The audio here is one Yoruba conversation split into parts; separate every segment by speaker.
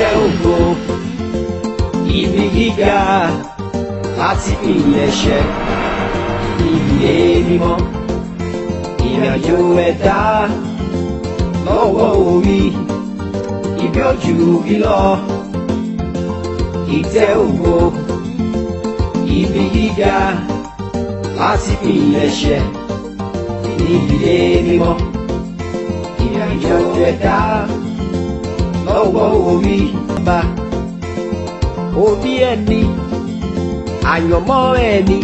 Speaker 1: jẹ́ ògo ibi gíga àti ìyẹ̀ṣẹ̀ ìyè mímọ́ ìrìnàjò ẹ̀dá lọ́wọ́ orí ibi ojú bí lọ ìtẹ́ ògo ibi gíga àti ìyẹ̀ṣẹ̀ ìyè mímọ́ ìrìnàjò ẹ̀dá lọ́wọ́ orí bá orí ẹni àyànmọ́ ẹni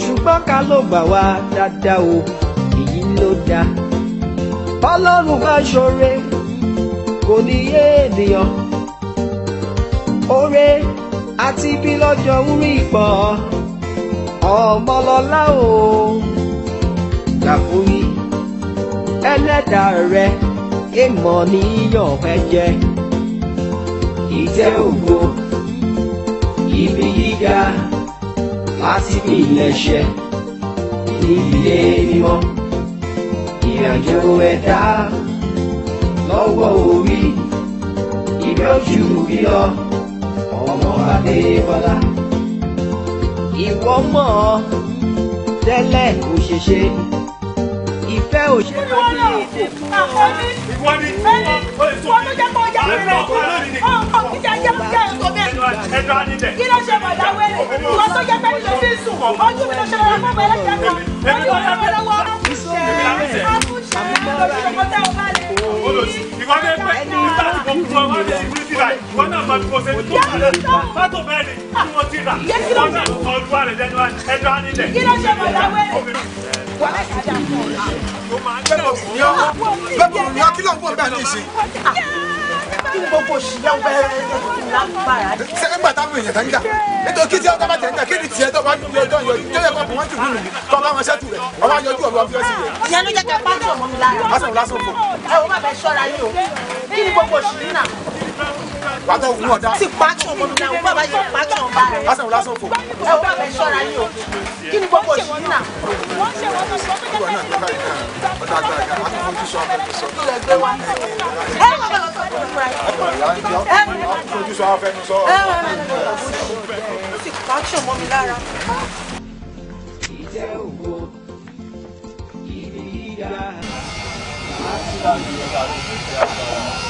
Speaker 1: ṣùgbọ́n ká ló gbà wá dáadáa o èyí ló dáa bọ́lọ́run bá ṣoore kò ní yé ènìyàn oore àti bí lọ́jọ́ ń rí pọ̀ ọmọlọ́lá o làkúrí ẹlẹ́dàá rẹ̀ ịmọ n'ihe ọkweje ite ugbo ibi gíga láti bí ilẹ̀ ṣe nílé mímọ́ ìrìnàjò ẹ̀dá lọ́wọ́ orí ibi ojú bí lọ ọmọ adébọlá ìwọ mọ̀ ọ́ tẹ́lẹ̀ kò ṣeṣe ìfẹ́ òṣèlú ní èdè fún ọ wọ́n ní wọ́n ló jẹ́ kó yá mi rẹ̀ ọkọ̀ mi jẹ́ jẹ́ jẹ́ èso bẹ́ẹ̀ kí ló ṣe mọ̀ láwé rẹ̀ wọ́n tó jẹ́ pé ló fi sùn ojú mi ló ṣe lọ́wọ́ fún ẹlẹ́sẹ̀ kan wọ́n ní ọ̀rọ̀ mi lọ́wọ́ ṣe é àmúṣe lóṣìṣẹ́ kọ́tẹ́ ọ̀bá lẹ̀ ìwọ bẹ pẹ nígbà tí mo kú ọmọ mi ìwúrí ti rà ìwọ náà máa kó ṣe tó kà lẹ fátó bẹ́ẹ̀ ni tí mo ti rà ìwọ náà ọdún àrẹ lẹ́nu ẹjọ́ á nílẹ̀. kí ló ṣe mọ̀ láwé rẹ̀ bẹ́ẹ̀ ni kí a bá jọ̀ mọ́ mi lára. ẹ o má bẹ ṣọ́ra yín o kí ni gbogbo òṣìṣẹ́ náà pátá òun náà dá. ti pàtó ọmọ mi náà bàbá yìí pàtó ọmọ bá rẹ. lásán lásán fò. ẹ wọ́n bẹ ṣọ́ra yìí o kí ni gbogbo òṣì yìí náà. wọ́n ṣe wọ́n tó ṣe wọ́n àti fojú sọ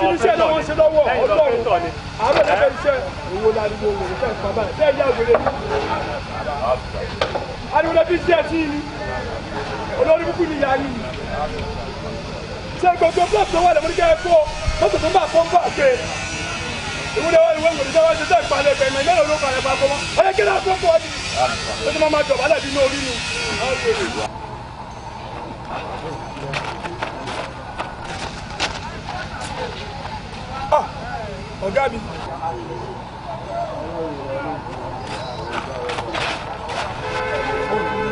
Speaker 1: ti ní iṣẹ́ lọ́wọ́ ṣe lọ́wọ́ ọlọ́run àárọ̀ lẹ́fẹ̀ẹ́ iṣẹ́ òwò lariwo òwò fẹ́ pàmà ṣé ìyá òwèrè ariwo bí iṣẹ́ sí ni olórí kúkú ni ìyá yìí ṣé gbogbo plọ́ọ̀tì tó wà lẹ́mọ́ nígbà ẹ̀kọ́ mọ́tò tó bá fọ́ ń bọ̀ pé ìwé ìwòrán sáwájú tẹ̀ ìpalẹ̀ bẹ̀rẹ̀ mẹ́ ìlẹ́rọ̀ ló parẹ́ papọ̀ mọ́ ọ̀gá mi.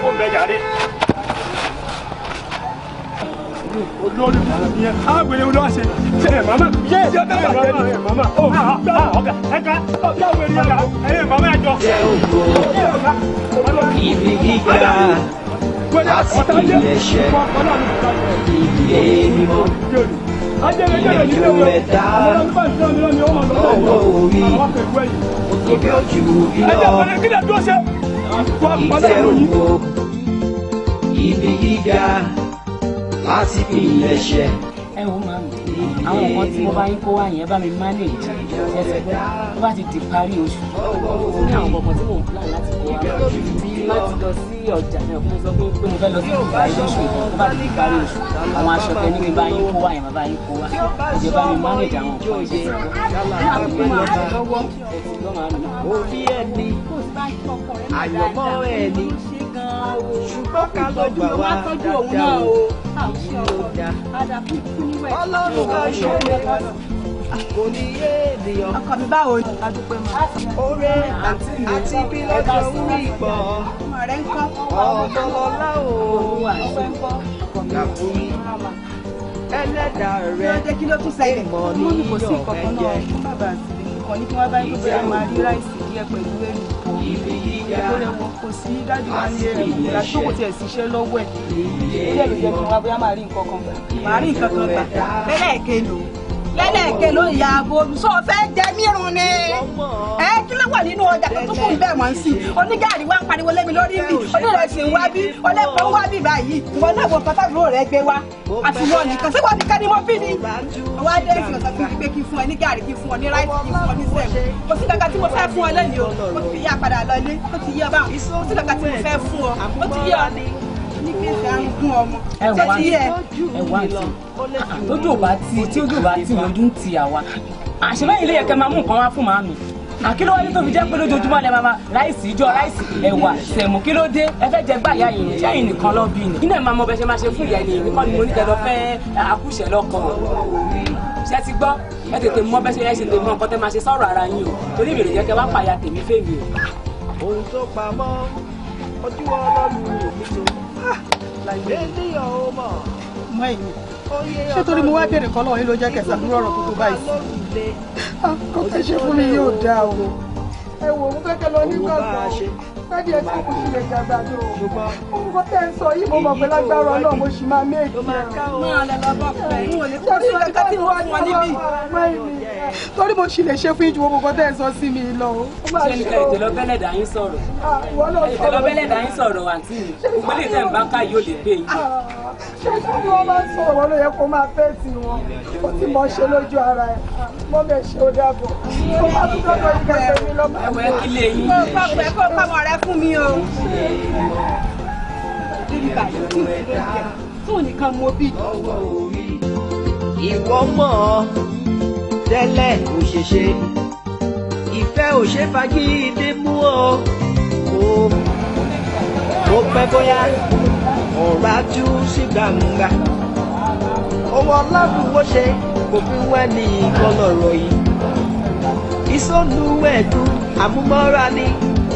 Speaker 1: ó bẹ jàre. olórí mi yẹn á wẹ̀lẹ̀ olú àṣẹ. ṣe ẹ mama ṣe ẹ mama ṣe ẹ mama ọ ọgá ẹka ọgá wẹ̀lẹ̀ ọgá ẹyẹ mama ẹjọ. ṣé o kò ibi gíga àti ilé iṣẹ́ ibi èèmọ̀ ìlú mẹ́ta owó orí ibi ojú lọ ìtẹ́ òwò ibi gíga
Speaker 2: láti bí ilẹ̀ ṣẹ. ẹ wo màmí àwọn nǹkan tí mo bá
Speaker 1: yín kó wá yẹn bá mi manage ọ̀sẹ̀ pé tó bá ti di parí oṣù ní àwọn ọmọ tí mò ń plan láti kó wa tí lọ sí ọjà náà fún sọ pé pé mo fẹ́ lọ sí Dubai lóṣù tó bá ti di parí oṣù àwọn aṣọ tẹ níbi bá yín kó wá yẹn bá yín kó wá ẹ̀jẹ̀ bá mi manage àwọn nǹkan ṣe sí i. àkókò ṣùgbọ́n ká lọ́jọ́ wa dáadáa o ọlọ́run kan ṣe kò ní yé ènìyàn. ọkọ mi báwo ni. adúpẹ́ mọ́. oore àti bí lọ́jọ́ orí ìgbọ́. ọmọ rẹ ń kọ́. ọ̀dọ́lọ́lá o. ọ̀pẹ́ ń kọ́. ọ̀pẹ́ ń kọ́ ẹlẹ́dàá rẹ̀ jẹ́ kí ló tún ṣẹlẹ̀ mọ́ ní ìyọ̀fẹ́ jẹ́ bàbá kan ní kí wọ́n bá yín gbogbo máa rí ráìsì díẹ̀ pẹ̀lú ẹ̀rù kò sí dájú wá ní ẹ̀rù ìlera tó kò tiẹ̀ ṣiṣẹ́ lọ́wọ́ ẹ̀ ìyẹ̀lò jẹ́ kí wọ́n bá máa rí nǹkan kan gbà máa rí nǹkan kan gbà lẹ́lẹ́ẹ̀kẹ́ lò lẹ́lẹ́kẹ̀ ló ya abo sọ fẹ́ jẹ mírun ni ẹ kí ló wà nínú ọjà tó tún kù bẹ́ẹ̀ wọ́n sí onígàrí wa ń pariwo lẹ́mi lórí mi onírẹsì ń wá bí ọlẹ́pọ̀ ń wá bí báyìí ìwọ náà wọ pátákó rẹ gbé wá àti wọn nìkan sí wọn nìkan ni mo fi ni ọwọ́ adé ìsìn ọ̀sán fún mi pé kí fún ọ ní kí fún ọ ní ráìtì kí fún ọ ní sẹ́ẹ̀mù kò sí kankan tí mo fẹ́ fún ọ lẹ́yìn o ó ti yá padà lọ ilé ó ti yá báwọn kò sí kankan tí mo fẹ́ fún ọ ó ti yá ọ ẹ wá ti ẹ wá ti lójú ah, ò bá ti tí ojú ò bá ti lójú ń ti àwa àṣẹbẹ́ ilé yẹn kẹ́ máa mú nǹkan wá fún màámi àkí ló wáyé tó fi jẹ́ pé lójoojúmọ́ lẹ́ máa ráìsì ìjọ ráìsì ẹ̀wà sẹ̀mù kí ló dé ẹ fẹ́ jẹ gbà ìyá yìí ṣé ẹ̀yin nìkan lọ́ọ́ bí ni nínú ẹ̀ máa mọ bẹ ṣe máa ṣe fún ìyá yìí nìkan ni mo ní tẹ́lọ fẹ́ àkúṣẹ̀ lọ́kọ ṣe ti gbọ́ ẹ tètè mọ bẹ ṣe ẹ ṣe tèmi mọ nǹkan tẹ́ máa ṣe sọ̀rọ̀ ara yín o torí ìbèrè jẹ́ kẹ́ wá pààyà tèmi fèmí o. ohun pamọ́ ojú ọlọ́run ò ní mọ ẹ̀yìn ṣé torí mo wá bèrè kọ́ lọ́wọ́ yín ló jẹ́ kẹsàn án rọrùn tuntun báyìí sí.
Speaker 2: Ah, kò tẹ́ ṣe fún mi yóò
Speaker 1: dáa o. ẹ wò ó kẹ́kẹ́ lọ ní gbọ̀ngàn fẹ́ẹ́dì ẹ tí kò sì lè dàgbà ní o. orúkọ tẹ́ ń sọ yìí mo mọ̀ pé lágbára ọlọ́run mo sì máa méèkì rẹ̀. máa lọ lọ bọ̀ pẹ̀lú òní. torí ìgbà tí wọ́n ti wọ́n níbí torí mo sì lè ṣe fún ìjùwọ́ gbogbo tẹ́ ẹ sọ sí mi lọ. ó máa ṣe o ṣe lọ bẹ́lẹ̀ dà yín sọ̀rọ̀ ṣe ah, lọ bẹ́lẹ̀ dà yín sọ̀rọ̀ àǹtí mi gbogbo lè tẹ̀ ń bá ká yóò lè gbé yín. Ah, ṣé kí wọ́n máa sọ̀rọ̀ wọn ló yẹ kó máa fẹ́ sí wọn ó ti mọ ṣe lójú ara ẹ̀ ah, mọ́ bẹ́ẹ̀ ṣe ó dàbọ̀ kó má tún tọ́jú ìgbàgbẹ́ mi lọ́mọ. ẹ̀wẹ̀ kí lè yín. kó o pamọ́ rẹ fún mi o tó nìkan mo bí. ìwọ mọ̀ ọ́ tẹ́lẹ̀ kò ṣe ṣe ìfẹ́ ò ṣe fagídé mú o ó pẹ́ bóyá ọ̀rá tú sí gbangba owó ọlọ́dúnwó ṣe kò fi wẹ́ ní ìkọlọ̀rọ̀ yìí ìsọ̀lùwẹ̀dùn àmúmọ́ra ni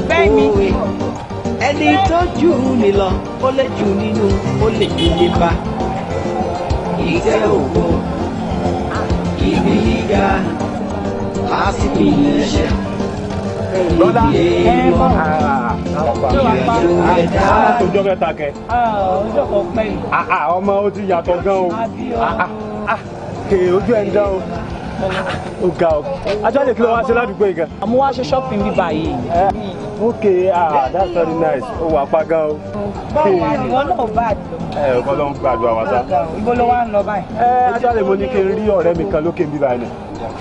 Speaker 1: bẹ́ẹ̀ ni ẹni tó jù ú nìlọ ó lè jù nínú ó lè jù nípa ìtẹ́ òògùn liga, aspinja. Lọ́dá ẹ mọ̀ ara ọjọ́ kẹta kẹ. Ọjọ́ kan pẹ́ Ọmọ ó yàtọ̀ gan o. ojú ẹ̀ ń dán o ó ga ọ ajálẹ̀ kí ló wá ṣe ládùúgbò yìí gan. àmú wá ṣe shopping bíbá yìí. ok ah that's very nice ó wà pa gan o. báwo wà ní wọn náà bá a dùn. ẹ ọkọ ló ń gbàdúrà wá sá. ibo ló wá ń lọ báyìí. ẹ ajálẹ̀ mo ní kí n rí ọ̀rẹ́ mi kan lókè bíbá yìí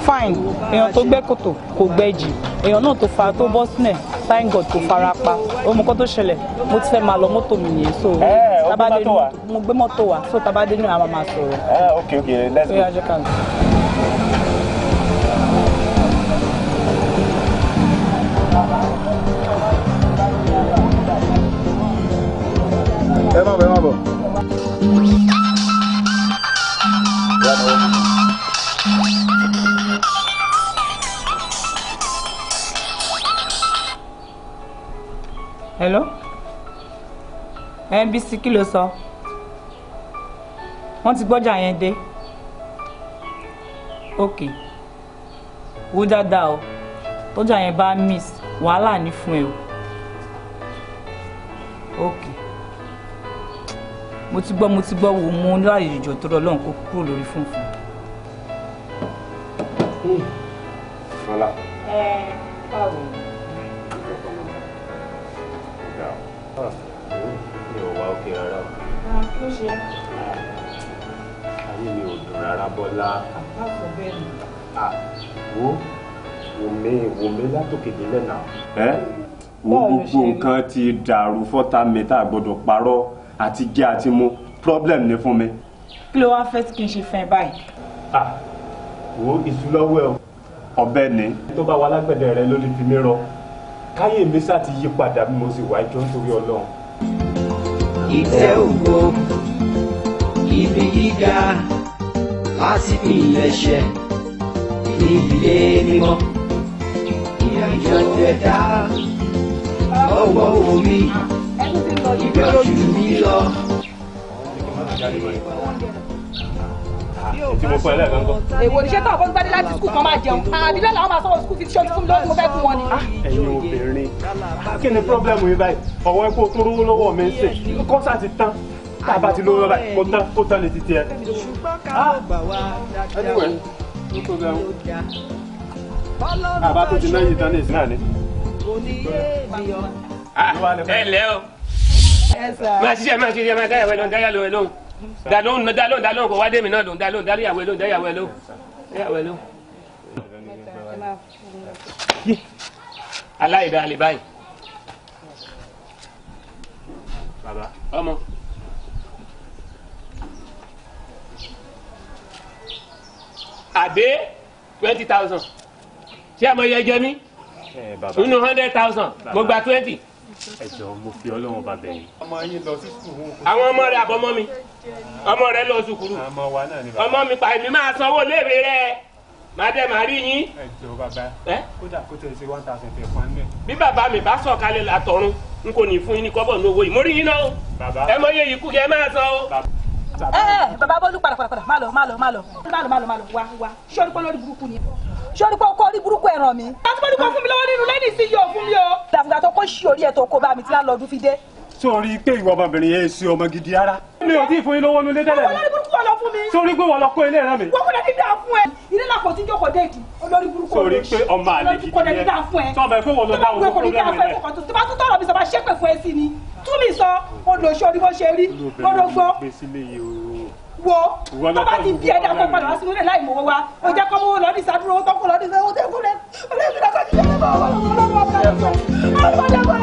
Speaker 1: fine èèyàn tó gbẹ́ kòtò kò gbẹ́ jì èèyàn náà tó fara tó bọ́ sílẹ̀ thank god kò fara pa ohun kan tó ṣẹlẹ̀ mo ti fẹ́ máa lọ mọ́tò mi yẹn so tabade mo gbé mọ́tò wa so tabade ní àwọn máa sọ̀rọ̀. ok ok let's go. ẹ má bọ̀ ẹ má bọ̀. hello ẹ Bísí kí ló sọ wọ́n ti gbọ́jà yẹn dé ok wú dáadáa o tọ́jà yẹn bá miss wàhálà ní fún ẹ o.
Speaker 3: mo ti gbọ́ mo ti gbọ́ wo mo láàyè ìjọ tó rọ lọ́hùn kó kúrò lórí funfun.
Speaker 1: Hmm. Fọlá. Ẹ báwo ni? Mi ò wá òkè rárá o. Kí ló ṣe? Ayé mi ò dùn rárá Bọ́lá.
Speaker 2: Àpapọ̀ bẹ́ẹ̀ ni.
Speaker 1: Wo wo mi wo mi látòkè délẹ̀ náà gbogbo nǹkan ti dàrú fọ́tà mẹ́ta gbọ́dọ̀ parọ́ àti jẹ́ àti mu problem ni fún mi. kí ló wá fẹ́ kí n ṣe fẹ́ báyìí. ah wo ìsúlọ́wọ́ ẹ̀ ọ̀bẹ ni. tó bá wà lágbẹ̀dẹ rẹ ló lè fi mí rọ káyé mi sá ti yí padà bí mo sì wá ìjọ nítorí ọlọ́run. ìtẹ́ ògo ibi gíga láti fi ìlẹ̀ṣẹ̀ níbi ilé mímọ́ ìrìnàjò ẹ̀dá ọwọ́ omi ìfẹ́ ojú mi lọ. Èwo ni tó àbọ̀n gbádé láti skul kan máa jẹun? Àbí lọ́la àwọn máa sọ̀rọ̀ skul fi ṣé fún mi lọ́dún mo fẹ́ fún wọn ni. Ah, ẹ̀yin obìnrin, kí ni pírọ́blẹ́mù yìí báyìí? Ọ̀wọ́ ẹ̀kọ́ tó rówó lọ́wọ́ mi ń sè. Kọ́sà ti tán tá a bá ti lówó báyìí kó tán kó tán lè ti tiẹ̀. Ẹni wẹ̀ ló kó bẹ́ẹ̀ wọ́n. Àbá tó ti náà yìí tán ní
Speaker 3: ìsìn náà ni. Ah, ẹ lẹ o máa ṣiṣẹ́ máa ṣiṣẹ́ máa dáyàwó ẹ lóhùn dáyàwó ẹ lóhùn dá lóhùn dá lóhùn dá lóhùn kò wá dé mi náà lóhùn dá lóhùn dáyàwó ẹ lóhùn dáyàwó ẹ lóhùn dáyàwó ẹ lóhùn. aláìdá alẹ́ báyìí. bàbá ọmọ. àdé twenty thousand ṣé àmọ́ yẹ jẹ mí inú eh, hundred thousand mo gba twenty. ẹ jọ mo fi ọlọ́run bá bẹ̀ yín. ọmọ yín lọ sí sùkúrù. àwọn ọmọ rẹ àbọ̀mọ́ mi ọmọ rẹ lọ sùkúrù ọmọ mi pa èmi máa sanwó léèrè rẹ màá dẹ màá rí yín. ẹ jọ bàbá kódà kó tẹ̀ ṣe one thousand tẹ̀ fún ẹ. bí bàbá mi bá sọ̀kalẹ̀ látọ̀run n kò ní fún yín ní kọ́bọ̀ ní owó yìí mo rí yín náà ẹ mọ iye yìí kú kí ẹ máa san o. ẹ ẹ
Speaker 1: bàbá eh, eh, bọ́lú padà padà padà má lọ má lọ má lọ má lọ má lọ wá wá ṣé sọ́ni kó kọ́ orí burúkú ẹ̀ràn mi. àtúbọ̀ ní kò fún mi lọ́wọ́ nínú lẹ́yìn sí yóò fún mi o. dàfúgbà tó kó sí orí ẹ̀ tó kó bá mi tí wàá lọ́ọ́ dún fi dé. sórí pé ìwọ ọmọbìnrin yẹn sí ọmọ gidi ara. mi ò tí ì fún yín lọ́wọ́ nulẹ̀ tẹ́lẹ̀. olórí burúkú wà lọ fún mi. sórí pé wọ́n lọ kó ilé rẹ mi. wọ́n kúnlẹ̀ dídá fún ẹ. ilé làpò tí jókòó déètì olórí burúkú olórí pé ọmọ àlè gidi yẹn tọ́ba ẹ fún wọn lọ dáhùn fún pọ́blẹ́mù rẹ. tó bá tún tọrọ mi sọ ma ṣépè fún ẹ sí ni túmí sọ odò sọ ni mo ṣe rí lọ́dọ̀ gbọ́ wo tó bá ti bí ẹ̀dá kó padà wá sínú ilé láì mọ̀ wá o jẹ́ kó mú lọ ní ìsádúró o tọ́kù lọ ní ìsádúró o tẹ́ fún ẹ ọlẹ́ ìṣúná kọ́ ti yẹ ẹ bọ̀ wọ́n lọ́wọ́
Speaker 2: ọlọ́wọ́
Speaker 1: ọlọ́wọ́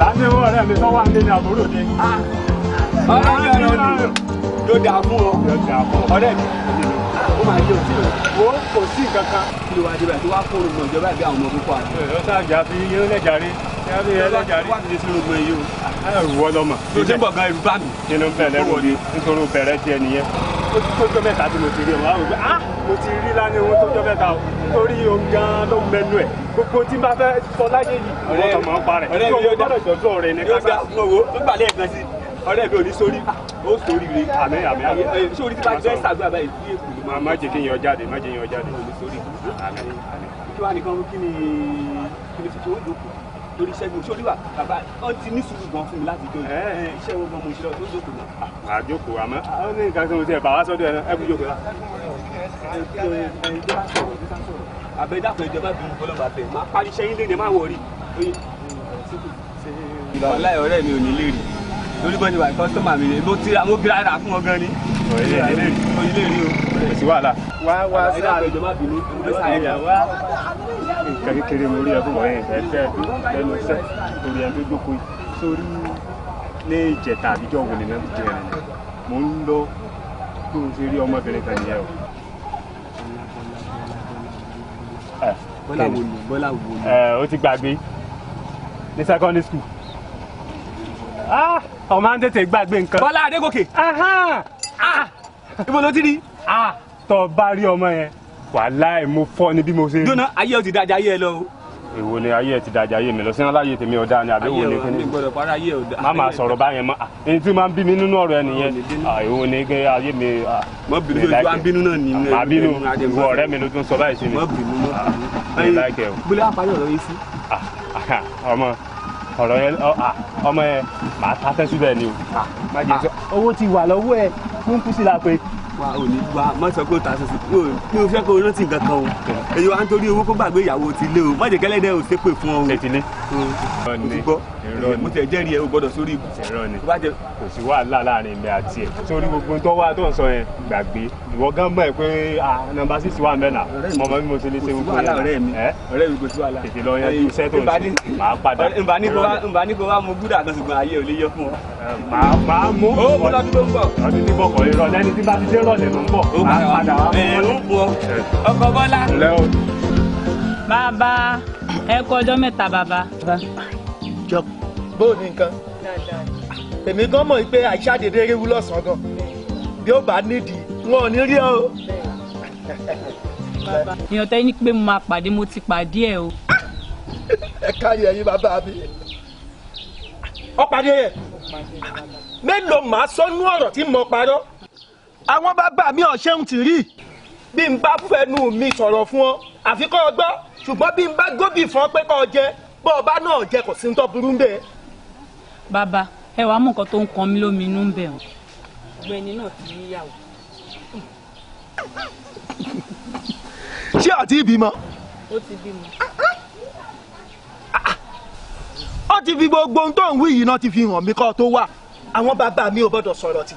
Speaker 1: láti wọ́n rẹ̀ mi tó wà ní àbúrò ni. ọ̀rẹ́ mi ló dà ọ ọ̀rẹ́ mi ó máa yẹ òtí o kò sí nǹkan kan kí ló wá dé báyìí tó wá kóró mọ ìjọba ìbí àwọn ọmọ púpọ̀ àti. ọ̀sán àjà fi yé lẹ́jàre yàrá yẹn lẹ́jàre ní sinúgbọ̀n yìí o ẹ̀rù wọ́ lọ́mọ. tó ti ń bọ̀ gan irú bá mi. inú bẹ̀rẹ̀ rò ní nítorí bẹ̀rẹ̀ tiẹ̀ nìyẹn. ó ti tó jọ mẹ́ta tí mo ti rí wọn àwọn mo ti rí lánàá owó tó jọ mẹ́ta o torí ohun gan ló mẹ́nu ẹ̀ gbogbo tí n bá fẹ́ sọ láyé yìí. ọ̀rẹ́ mi yóò dá ọ̀rẹ́ mi yóò dá ọ̀rẹ́ mi ò ní sórí ó sórí rè àmì àmì àmì sórí tí bá jẹ́ sàgbà báyìí sí èkó ló máa. má jẹ́ kí n yọ jáde má jẹ́ kí n yọ jáde. ò ní sórí àmì àmì. kí wàá nìkan kí ni kí ni tuntun ó dòkó torí iṣẹ́ mi ò sórí wa bàbá ọ ti ní sùúrù gan fún mi láti jó iṣẹ́ wo gan mo ṣe lọ tó dòkó lọ. àjòkò àmọ́ ó ní nǹkan tí mo ti ẹ̀ bá wá sọ́dọ̀ ẹ̀ ẹ̀ kú jòkó lá àbẹ̀dàpọ̀ ìjọba bí ọlọ́ba bẹ̀ máa parí iṣẹ́ yín lé ní máa wọ̀ rí. wàláì ọ̀rẹ́ mi ò ní lè rí lórúkọ ni wà kọ́sítọ́mà mi ló ti ra mo bí fún wọn ni. ilé rí o ilé rí o. kò sí wàhálà. wá wá sí àwọn ìjọ má bínú ló sì yẹn wá. nǹkan kékeré mo rí ẹkún wọ̀nyẹn ẹsẹ̀ ẹnu sẹ́ orí ẹni tó jókòó yìí sórí ní ìjẹta àbíjọ́ wo ni náà jẹ́ rẹ̀ mo ń lọ tó ń ṣe rí ọmọbìnrin kan nìyẹn o. Ah, bọ́lá wo ni
Speaker 3: bọ́lá wo ni. Eh, ó ti
Speaker 1: gbàgbé ní secondary school. Ah! ọmọ à ń tètè gbàgbé nǹkan. bọ́lá adégòkè.
Speaker 2: Ah!
Speaker 1: Ah! ibo ló ti rí. Ah! tọ́ bá rí ọmọ yẹn wàláì mo fọ́ ni bí mo ṣe rí. dúnà ayé ò ti dájà ayé ẹ lọ o èwo ni ayé ẹ ti dàjà ayé mi lọ sí aláyé tèmi ọ̀dà ni àbí wo ni kí ni má máa sọ̀rọ̀ báyẹn mọ́ èyí tí máa ń bí mi nínú ọ̀rọ̀ ẹ nìyẹn
Speaker 3: èwo ni kí ayé mi mọ́ bínú ojú àbínú
Speaker 1: náà ní inú àbínú
Speaker 3: ìwọ ọ̀rẹ́ mi ló tún sọ báyìí sí mi mọ́ bínú mọ́ bínú bóyá apáyọ̀ lọ yìí sí. ọmọ
Speaker 1: ọ̀rọ̀ yẹn ọmọ yẹn màá ta fẹ́ síbẹ̀ ni o. má jẹ sọ owó ti wà lọ́wọ́ ẹ fún kùsì la pé. wa ò ní wa má sọ pé o ta sọsọ mi ò mi ò fẹ́ kó o rántí nǹkan kan o èyí wa ń torí owó kó gbàgbé ìyàwó ti lé o má jẹ kẹ́lẹ́dẹ́ ò ṣépè fún ọ o gbọ́ mo tẹ̀ jẹ́rìí ẹ o gbọ́dọ̀ sórí ibù. ẹ̀rọ ni kò sí wàhálà láàrin mi àti ẹ̀ sórí gbogbo tó wá tó ń sọ yẹn gbàgbé ìwọ gan mọ̀ ẹ́ pé nọ́mbà six wà mẹ́nà mo mọ̀ bí mo ṣe lè ṣe gbogbo yẹn ọ̀rẹ́ mi ọ̀rẹ́ mi kò sí wàhálà tètè lọ yanjú iṣẹ́ tó ń ṣe màá padà. nba ní kò wá mu gúdà kan ṣùgbọ́n ayé ò lè yọ fún ọ. màá mú ó mo lọ dúró ń bọ̀. ọdún ní bọ̀kọ̀ irọ́ lẹ́ni tí bá ti dé rọ̀lẹ́ ló ń bọ̀ màá padà wá. ọkọ̀ bọ́lá bàbá ẹ kú ọjọ́ mẹ́ta bàbá. jọ bó o ní nǹkan èmi gan mọ̀ pé àìsàdédé réwu lọ́sàn-án gan bí ó bá nídìí wọn ò ní rí ọ. èèyàn tẹ́ ní pé mo máa pàdé mo ti pàdé ẹ o. ẹ káyọ̀ ẹ̀yin bàbá mi ọ pàdé yẹ mélòó màá sọnú ọ̀rọ̀ tí mo parọ́ àwọn bàbá mi ọ̀ṣẹ́ ń tì rí bí n bá fẹnu mi sọ̀rọ̀ fún ọ àfikọ́ ọgbọ́n ṣùgbọ́n bí n bá gómìn fún ọ pé kọ́ ọ jẹ bọ́ ọba náà jẹ kò sí ń tọ́ burú bẹ́ẹ̀. bàbá ẹ wàá mú nǹkan tó ń kan mí lómi inú ń bẹ̀ ọ́. ọ̀gbẹ́ni náà ti níyàwó. ṣé àti ìbímọ. ó ti bímọ. ó ti fi gbogbo ohun tó ń wí yìí náà ti fi hàn mí kọ́ tó wà àwọn bàbá mi ò gbọ́dọ̀ sọ̀rọ̀ tì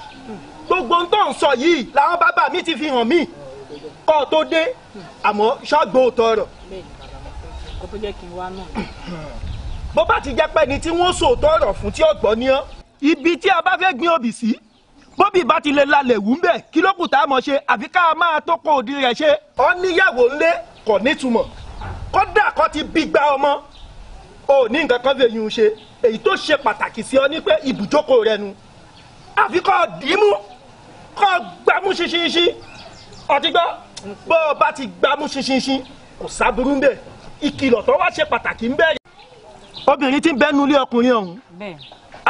Speaker 1: gbogbo ohun tó ń sọ yìí làwọn bàbá mi ti fi hàn mí kọ́ ọ tó dé àmọ́ ṣọ́gbó tọrọ. bó bá ti jẹ́ pé ni tí wọ́n sòótọ́ ọ̀rọ̀ fún tí ọ̀gbọ́n ni ọ́. ibi tí a bá fẹ́ gbin obì sí bóbì bá ti lè lalẹ̀ wú mbẹ̀ kí ló kù tá a mọ̀ ṣe àfi ká a máa tó kó òdi rẹ̀ ṣe. ó níyàwó ńlé kò nítumọ̀ kódà kó ti bí gba ọmọ ò ní nǹkan kan fẹ́ yun ṣe èyí tó ṣe pàtàkì sí ọ ní pé ibùjókòó rẹ nu àfi kó dìímú kó gbámú ṣinṣinṣin ọtí gbọ́ bó o bá ti gbámú ṣinṣinṣin kò sábúrú ń bẹ̀ ìkìlọ̀ tó wá ṣe pàtàkì ń bẹ̀. obìnrin tí ń bẹ́nu ilé ọkùnrin ọ̀hún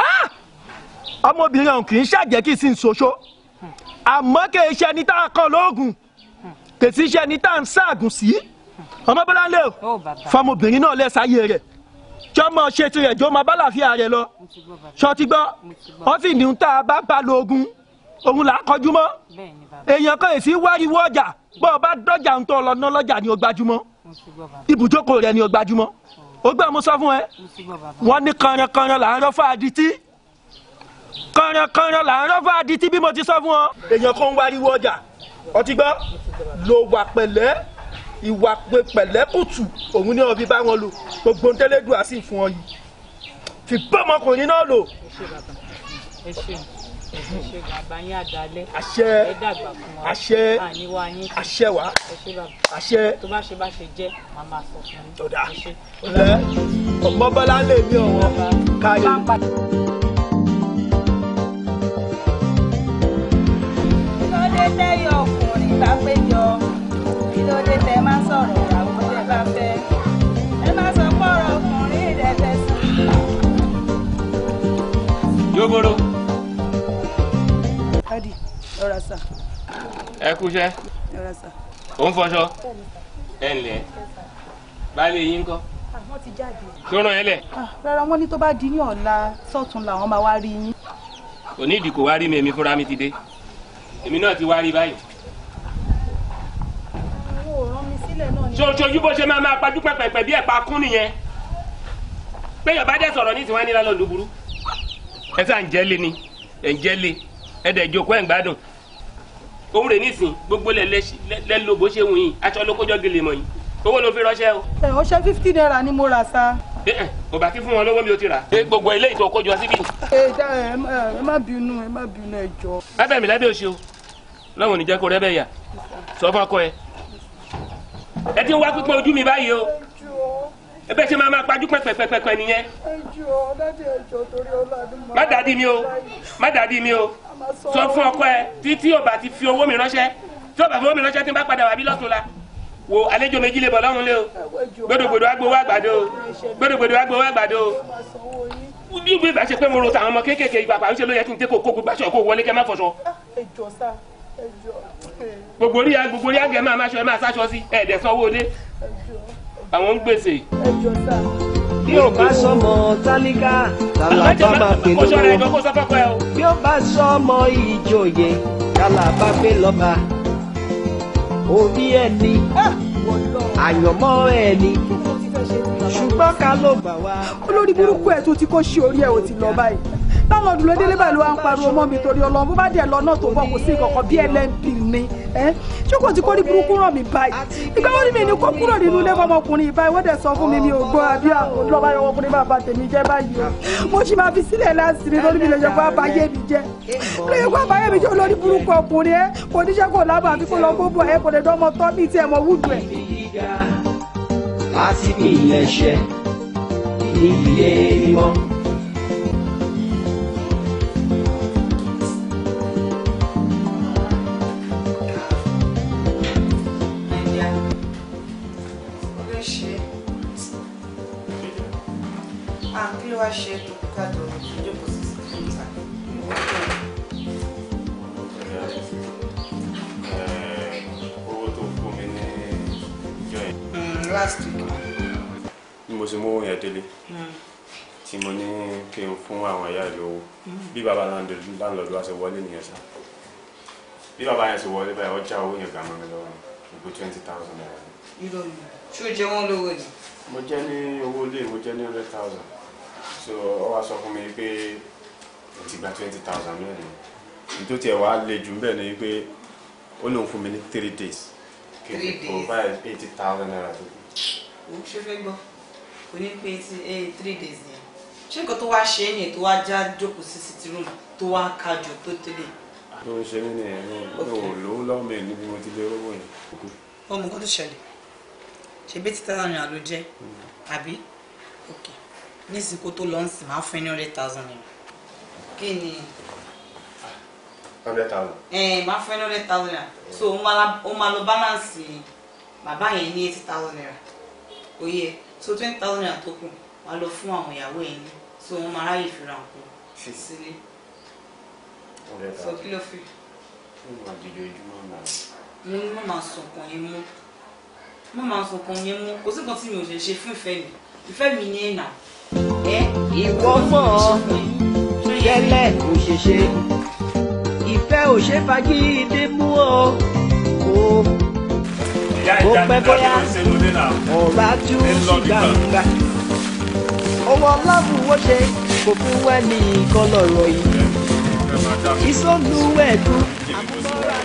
Speaker 1: ah! ọmọbìnrin ọ̀hún kì í ṣàjẹ́ kí sì ń ṣoṣo àmọ́ kì í ṣe ẹni tá a kọ́ lóògùn kì í ṣe ẹni tá a ń ṣaàgùn sí ọmọ bọ́lá lè fọmọbìnrin náà lẹ́sàáyé rẹ̀ tí ọmọ ṣe tirẹ̀ jó máa bá làáfíà rẹ̀ lọ ṣọtí gbọ́ ọtí ní ń tá a bá bá lóògùn òun là á kọjú mọ́ èèyàn kan èsì wáriwo ọjà bọ́ ọ bá dọ́jà ń tọ́ lọ́nà lọ́jà ni ó gbajúmọ́ ibùjókòó rẹ ni ó gbajúmọ́ ó gbà mo sọ fún ẹ wọ́n ní kanrankanran là ń rọ́ fún adití kanrankanran là ń rọ́ fún adití bí mo ti sọ fún ọ. èèyàn kan ń wáriwo ọjà ọtí gbọ́ lo wà pẹ̀lẹ́ ìwà pẹ̀lẹ́ kùtù òun ni ọbí bá wọn lò gbogbo ń tẹ́lẹ̀ dùn á sì fún ọ yìí fi bọ́ ọmọkùnrin náà lò àṣẹ bàbá àṣẹ àṣẹ wa àṣẹ tó bá ṣe bá ṣe jẹ́ màá sọ fún yín. ọ̀dà ọ̀lẹ́ ọmọ bọ́lá lè mí ọ̀wọ́ káyọ̀. kí tẹ́yọ̀ ọkùnrin bá péjọ kí ló dé máa sọ̀rọ̀ ìyàwó tẹ́ bá fẹ́ ẹ má ọ̀rọ̀ sà. ẹ kú iṣẹ́. ọ̀rọ̀ sà.
Speaker 3: ò ń fọṣọ. ẹ ǹlẹ́ baálé yín ńkọ́.
Speaker 1: àwọn ah, ti jáde. sọ́nà ẹ lẹ̀. Ah, rárá wọn ní tó bá di ní ọ̀la sọ́tún làwọn máa wá rí yín.
Speaker 3: kò ní ìdìkò wá rí mi èmi fúnra mi ti dé èmi náà ti wá rí báyìí. àwọn ò rán mi sílẹ̀ náà ni. ṣoṣojú bó ṣe máa máa pajú pẹ̀pẹ̀pẹ̀ bí ẹ̀pà kún nìyẹn pé yorùbá dẹ̀ sọ̀rọ̀ ní ìsìn wá nílá lọ́ọ̀lù burú ẹ sáà ń jẹ́ lé ni ẹ̀ ń jẹ́ lé ẹ̀ dẹ̀ jókòó ẹ̀ ń gbádùn òun rè nísìn gbogbo lẹ́lò bó ṣe wù yín aṣọ olókójọ́ gèlè mọ̀ yín owó ló fi ránṣẹ́ o.
Speaker 1: ẹ o ṣe fifty naira ni mo rà sa.
Speaker 3: ẹ ò bá kí fún wọn lówó mi ò ti rà. ṣé gbogbo ilé ìtọ́ kó jọ síbí.
Speaker 1: ẹ já ẹ ẹ má bínú ẹ má bínú ẹ jọ.
Speaker 3: lábẹ́ mi lábẹ́ oṣù lọ́wọ́n ò ní jẹ́ kó rẹ́bẹ̀ yà sọ fún ọkọ ẹ. ẹ ti ń wá pípọ́n ojú mi báyìí o ẹbẹ ṣe máa máa gbajú pẹpẹpẹpẹ nìyẹn.
Speaker 1: má dàdí mi o má dàdí mi o sọ fún ọkọ ẹ
Speaker 3: títí o bá ti fi owó mi ránṣẹ́ tí o bá fi owó mi ránṣẹ́ tí n bá padà wá lọ́sùn la wo àlejò méjì lè bọ̀ lọ́rùn lé o
Speaker 2: gbódògbòdò agbowó àgbàdo o agbowó àgbàdo
Speaker 3: o bí bí ìbáṣe pé mo ro tàwọn ọmọ kéékèèké ìgbà pàrọ̀ ṣe ló yẹ kí n tẹ́ kó kó gbogbo aṣọ kó wọlé kẹ́ má fọṣọ. gbogbo orí gbogbo orí àgẹ̀ máa máa ṣọ ẹ máa sáṣọ sí ẹ̀ẹ́dẹ̀ sanwó-odé àwọn ń gbèsè.
Speaker 1: ẹ jọ sá bí o bá sọmọ tálíkà tàlà bá máa pè lọ́wọ́ bí o bá sọmọ ìjòyè tàlà bá pè lọ́ba orí ẹni ah! àyànmọ́ ẹni ṣùgbọ́n ká ló gbà wá. olórí burúkú ẹ̀ tó ti kó sí orí ẹ̀ ò ti lọ báyìí táwọn ọdúnlé délé báyìí ló wá ń pariwo mọ́ mi torí ọlọ́run bó bá dẹ̀ lọ náà tó bọ̀ kò sí ìkọ̀kọ̀ bí ẹlẹ́ǹbì ni ṣé kò ti kó ní burúkú ràn mí báyìí ìgbà wo ni mi ní kó kúrò nínú ilé fọmọkùnrin ìbá ìwé sọ fún mi mi ò gbọ́ àbí àkójọba yọ ọkùnrin máa ba tèmi jẹ́ báyìí o mo sì máa fi sílẹ̀ láṣìírí lórí mi lóye kó àbáyé mi jẹ́ lóye kó àbáyé mi jẹ́ olórí burúkú ọkùnrin ẹ kò ní ṣe lábọ̀ àfi kó lọ gbogbo ẹ kò lè dánmọ́ tọ́ bí tiẹ̀ mọ wúdù ẹ̀. láti bí ilẹ̀ ṣẹ́ níbi fún àwọn ìyá ìlú owó bí bàbá láńlọ́dún wá ṣe wọlé nìyẹn sá bí bàbá yẹn ṣe wọlé báyìí ọjà owó yẹn gàmọ́ mi lọ́wọ́ gbogbo twenty thousand naira. ìrọ̀lù ṣé o jẹ wọ́n lówó ni. mo jẹ́ ní owó ilé mo jẹ́ ní hundred thousand so ọ wá sọ fún mi pé mo ti gba twenty thousand lónìí nítorí tiẹ̀ wá le jù bẹ́ẹ̀ ni pé ó lóun fún mi ní three days kí n provide eighty thousand naira tó kù. òun ṣe fẹ́ gbọ́ kò ní pé eh, three days yẹn ṣé nǹkan tó wá ṣe é nìyẹn tó wá já jókòó sí sitting room tó wá kájọ tó tẹ́lẹ̀. ló ń ṣe mí nìyẹn mi ò lówó lọ́wọ́ mi níbi mo ti lé owó yẹn. ọmọ nǹkan tó ṣẹlẹ̀ ṣe bí títà náà ló jẹ́ hmm. àbí ok nísìnyí kó tó lọ ń sìn máa fún ẹ ní hundred thousand naira kí ni hundred thousand. ẹ máa fún ẹ ní hundred thousand naira so o máa lọ balance bàbá yẹn ní eighty thousand naira oyè so twenty thousand naira tó kù wàá lọ fún àwọn ìyàwó ẹ̀ ní so wọ́n máa ráyè fi ra nǹkan sílé so kí ló fi. mo ní màmá sọ̀kan yẹn mú màmá sọ̀kan yẹn mú kò sí nǹkan tí mi ò lè ṣe fún ìfẹ́ mi ìfẹ́ mi ní ẹ̀nà ẹ̀ ìwọ mọ̀ yẹlẹ̀ kò ṣe ṣe ìfẹ́ ò ṣe fagídé mú ọ kó pẹ́ bóyá ọ̀rá tú sí gbangba owó ọlábùwọ́ṣe kò fún wẹ́ni nǹkan lọ̀rọ̀ yìí ìsọ́lùwẹ̀dù àkùnfọ́ra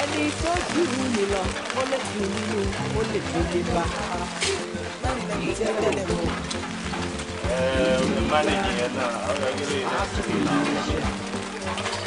Speaker 1: ẹni tó jù ú nìlọ ó lè jù nínú ó lè tó lè bá ẹ̀ẹ́dẹ̀gbẹ̀rún.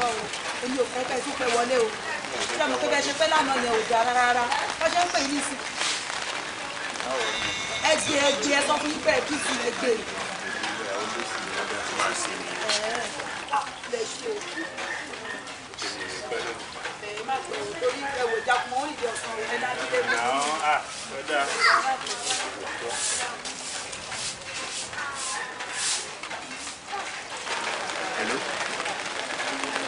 Speaker 1: irọ́ o èmi ò fẹ́ kẹ́ẹ́ tún pé wọlé o ṣé ọmọ pé ṣe pé lánàá yẹn ò dáa rárá wọ́n ṣe ń pè yín nísì. ẹ jẹ ẹ sọ fún yín bẹ́ẹ̀ kí sì lè gbé. Thank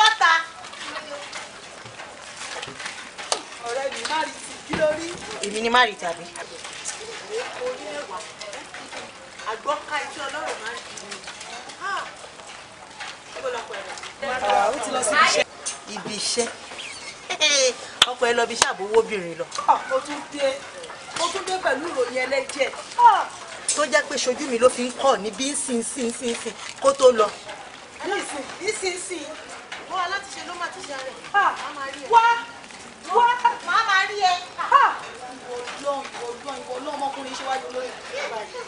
Speaker 1: bọ́ta. ọ̀rẹ́ mi má rí ti kí lórí. èmi ni má rí tàbí. orí ẹ̀wà àgbọ́ká iṣẹ́ ọlọ́run máa ń di mi. ó ti lọ sí ibi iṣẹ́. ibi iṣẹ́ ọkọ ẹ lọ bí ṣàbówó obìnrin lọ. mo tún dé mo tún dé pẹ̀lú ìròyìn ẹlẹ́jẹ̀ tó jẹ́ pé ṣojú mi ló fi ń kọ̀ níbi sínsínsínsín kó tó lọ. nísinsìnyí Wá láti ṣe ló máa ti ṣe rẹ̀. Ah, wá wá màá máa rí ẹ. Ah.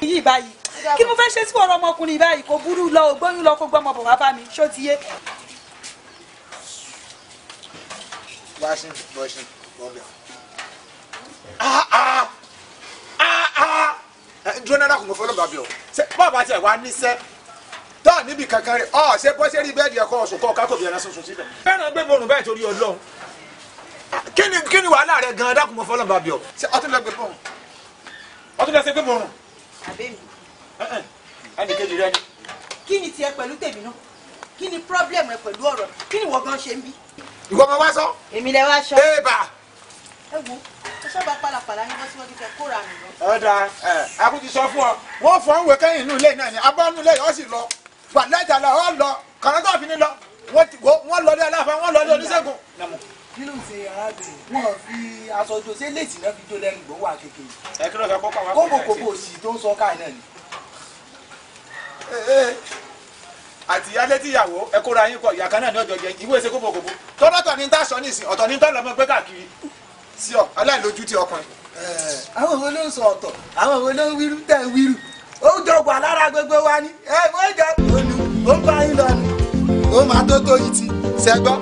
Speaker 1: Yìí báyìí kí mo fẹ́ ṣe sí ọ̀rọ̀ ọmọkùnrin báyìí kò burú lọ ògbóyún lọ kó gbọ́ bàbá bá mi ṣó ti yé.
Speaker 3: Washington, Washington,
Speaker 1: Ah ah ah ah! Dúró náírà kò mọ fọlọ́ bàbí o. Bọ́ọ̀ bá tiẹ̀ wá níṣẹ́ tá a níbi kankan rẹ ọ ṣe bọ́ sẹ́rí bẹ́ẹ̀dì ẹ̀kọ́ ọ̀sùn kọ́ kákò bìyànjú sùn sùn síbẹ̀. fẹ́ràn gbé bọ́ọ̀nù báyìí torí ọlọ́run kí ni kí ni wàhálà rẹ gan-an dákun mọ́ fọlọ́n bàbí ọ. ṣé ọtún lọ gbé bọ́ọ̀nù ọtún lọ ṣe gbé bọ́ọ̀nù. àbẹ́mi. ẹnì kejì rẹ ni. kí ni tiẹ̀ pẹ̀lú tèmi náà kí ni pírọ́blẹ̀mù rẹ pẹ̀lú ọ̀rọ̀ kí ni wọ́n gan ṣe ń bí. ìwọ ma wá sọ. èmi lẹ wá sọ. ee bà. ẹ wo sọ́ba pàlàpàlà yín lọ́síwájú fẹ́ kóra mi lọ. ọ̀dà ẹ̀ akutì sọ fún ọ wọ́n fọ́ ń wé kẹ́yìn inú ilé náà ni abọ́ inú ilé yìí ó sì lọ wàlẹ́ ìjàlá ọ̀ lọ kàrántà fi ní lọ wọ́n lọ ní aláfa wọ́n lọ ní oníṣègùn. kí ló ń ṣe arábìnrin wọn fi aṣọ ojú ṣé léèsì náà fi jó lẹ́nu gbọ́ wà kékeré. ẹ kí ló fẹ́ kó pàwọn. kóbòkóbò òsì tó ń sọ káà náà ni. Eh, eh, àti ìyálé tí ìyàwó ẹ kóra yín kọ ìyá kan náà ní ọjọ́ jẹ ìwé ṣe kóbòkóbò tọ́lọ́tọ̀ ní tá aṣọ nísìn ọ̀tọ̀ ní tá lọ́mọ gbé káàkiri sí ọ aláìlójú ti ọkùnrin. Eh, àwọn òwe ló ń sọ ọ̀tọ̀ àwọn òwe ló ń wíru tẹ̀ ń wíru ó jọ wà lára gbogbo wa ni ẹ mọ ìjà òòlù ó ń bá yín lọ ni ó máa tó tó yìí ti ṣẹgbọ́.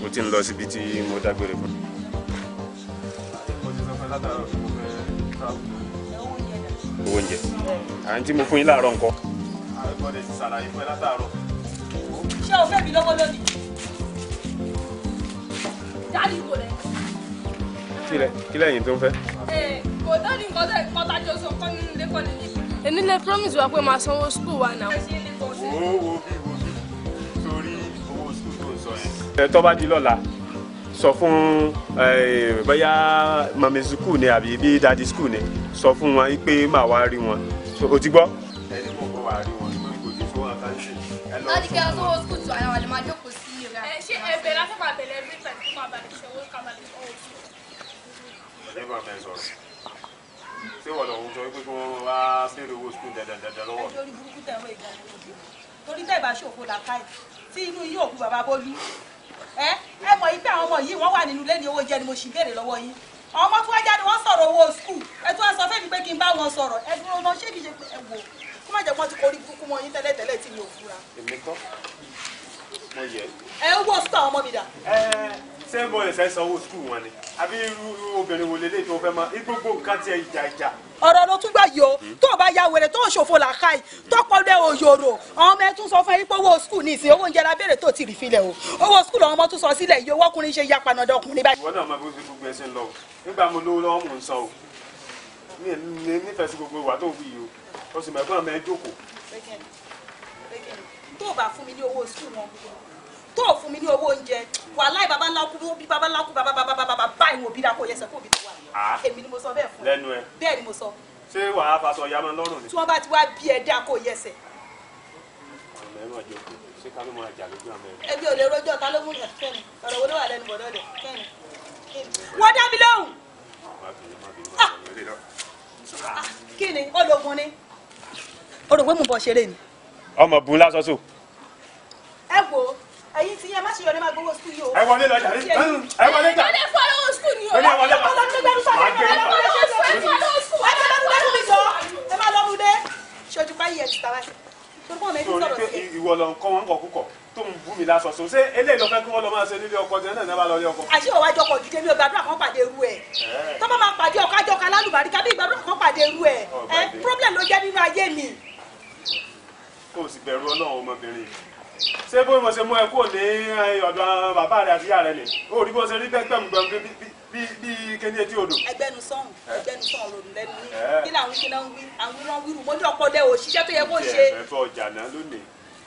Speaker 1: mo ti ń lọ síbi tí mo dágbére fún.
Speaker 3: owó oúnjẹ à tí mo fún yín láàárọ̀ nǹkan
Speaker 1: ìkọ́lé ti ṣàlàyé fún ẹ látàárọ̀. ṣé o fẹ́ mi lọ́wọ́ lónìí? dáàdì kò rẹ̀. kílẹ̀ kílẹ̀ yìí tó ń fẹ́. kò dáàdì nǹkan tẹ̀ kọ́ tájọ sọ kọ́ nínú ilé kọ́ èmi lè promise wa pé màá sanwó school wa náà. wo wo bí wo bí torí owó school tó ń sọ yẹn. tó bá di lọ́la sọ fún bóyá mami sukuu ni àbí bí dadi sukuu ni sọ fún wọn pé màá wá rí wọn o ti gbọ́. ẹni mo kọ́ wá rí wọn. All the girls who school to àwọn àlè máa jókòó sí ìrẹ́. Ẹ ṣe ẹbẹ̀ láti máa bẹ̀rẹ̀ every time you máa balẹ̀ ṣọwọ́ ká balẹ̀ ṣọwọ́ sí. Ẹ̀jẹ̀ bá bẹ̀rẹ̀ sọ̀rọ̀. Ṣé wọ́n lọ wùjọ pé kí wọ́n wá sílẹ̀ owó school dẹ̀dẹ̀dẹ̀ lọ́wọ́? Ẹjọ́ orí burúkú tẹ̀ wọ́n ìgbà lóde. Torí tẹ̀ bá ṣòfò làkàì tí inú yìí òkú bàbá Bólú. Ẹ ẹ mọ̀ yí pé àwọn ọmọ yìí wọ́n wà nínú ilé ní owó jẹ ni mo sì béèrè lọ́wọ́ yín ọmọ tí wọ́n jáde wọ́n sọ̀rọ̀ owó skul ẹ tí wọ́n sọ fẹ́mi pé kí n bá wọn sọ̀rọ̀ ẹ dúró náà ṣé kìí ṣe pé ẹ wò má jẹ́ wọ́n ti korí kúkú mọ́ yín tẹ́lẹ̀ tẹ́lẹ̀ tí mi ò fura. èmi kọ́ mo yẹ. ẹ ń wọ sọ ọmọ mi dà. ẹ ṣé mo lè fẹ́ sanwó skul wọn ni àbí obìnrin wo lélẹ́yìí tó fẹ́ mọ gbogbo nǹkan tiẹ̀ ìjà ìjà ọ̀rọ̀ ló tún gbà yìí o hmm? tó o bá ya wèrè tó o ṣòfò làákàyè tọkọ lé òyòrò àwọn ọmọ ẹ tún sọ fún yín pé owó skul ní ìsìn owó oúnjẹ lábẹ́rẹ́ tó ti rì filẹ̀ o owó skul àwọn ọmọ tún sọ sílẹ̀ iye owó ọkùnrin ṣe ya panadà ọkùnrin báyìí. ìwọ náà máa bó gbogbo ẹsẹ̀ lọ nígbà mo lówó lọ́wọ́ mò ń sọ o mi ò nífẹ̀ẹ́ o o sì mẹ́fà mẹ́ jókòó. tó o bá fún mi ní owó sùkúù wọn tó o fún mi ní owó oúnjẹ wàláì bàbá ńlá kú bí bàbá ńlá kú bàbá bàbá bàbá báyìí wọn òbí dá kó yẹ sọ fún òbí tó wà èmi ni mo sọ bẹ́ẹ̀ fún ẹ lẹ́nu ẹ bẹ́ẹ̀ ni mo sọ. ṣé wàá faṣọ ya máa ń lọ́rùn ni. tí wọ́n bá ti wá bí ẹ dá kó yẹsẹ̀.
Speaker 3: ọ̀nà ẹ̀rọ àjọkù ṣé ká ló máa jà lójú àmọ́ ẹ̀rọ.
Speaker 1: ẹbí ò lè rojọ́ ta ló mú yàn kẹ́ni ọ̀rọ̀ wo ló wà lẹ́nu bọ̀dọ̀ dẹ̀ kẹ́ni. wọ́n dá mi lóhùn. Ah! Ah! kí ni ológun ni o rò pé mo bọ̀ ṣeré ni. ọmọ bùn lásán so. ẹ wo ẹyin ti yẹn má ṣe yọrí máa gbowó sukùl yìí o. ẹ wọlé lọ jàre ẹ wọlé jà. ìwọlé fún ọlọ́wọ́ sukùl ni o. ẹ wọlé lọ gbẹrù sọ́dọ̀ ẹ máa lọ́wọ́ sukùl ẹ máa lọ́wọ́ sukùl ẹ máa lọ́wọ́ sukùl ẹ máa lọ́wọ́ dé. ṣojú báyìí ẹ ti tara ẹ ìwọ lọ nǹkan wọn kọ kúkọ tó ń bú mi lásán so ṣé eléyìí lọ fẹ́ kí wọ́n lọ máa ṣe nílé ọkọ tí náà náà bá lọ ilé ọkọ. àṣé ọwọ́ àjọkọ̀ jíjẹ mi ò gbàdúrà kan pàdé irú ẹ̀ tọ́mọ máa pàdé ọkọ àjọkọ̀ alálùbárí kábí ìgbàdúrà kan pàdé irú ẹ̀ ẹ̀ problem ló jẹ́ nínú ayé mi kó o sì bẹ̀rù ọlọ́run ọmọbìnrin ṣé bó mo ṣe mú ẹ kó ní eh, ọ̀dọ̀ bàbá rẹ àti ìyá rẹ ni ó rí bó ṣe rí gbẹ̀gbẹ̀m gbẹ̀m bí bí kéde etí odò. ẹgbẹnu sọhùn eh? ẹgbẹnu sọhùn lòdù lẹnu ní eh? kí làwọn kí náà ń wí àwọn ìran wíru mojú ọpọ dẹ òṣìṣẹ́ tó yẹ kó ṣe. ẹ fẹ́ ọjà náà lónìí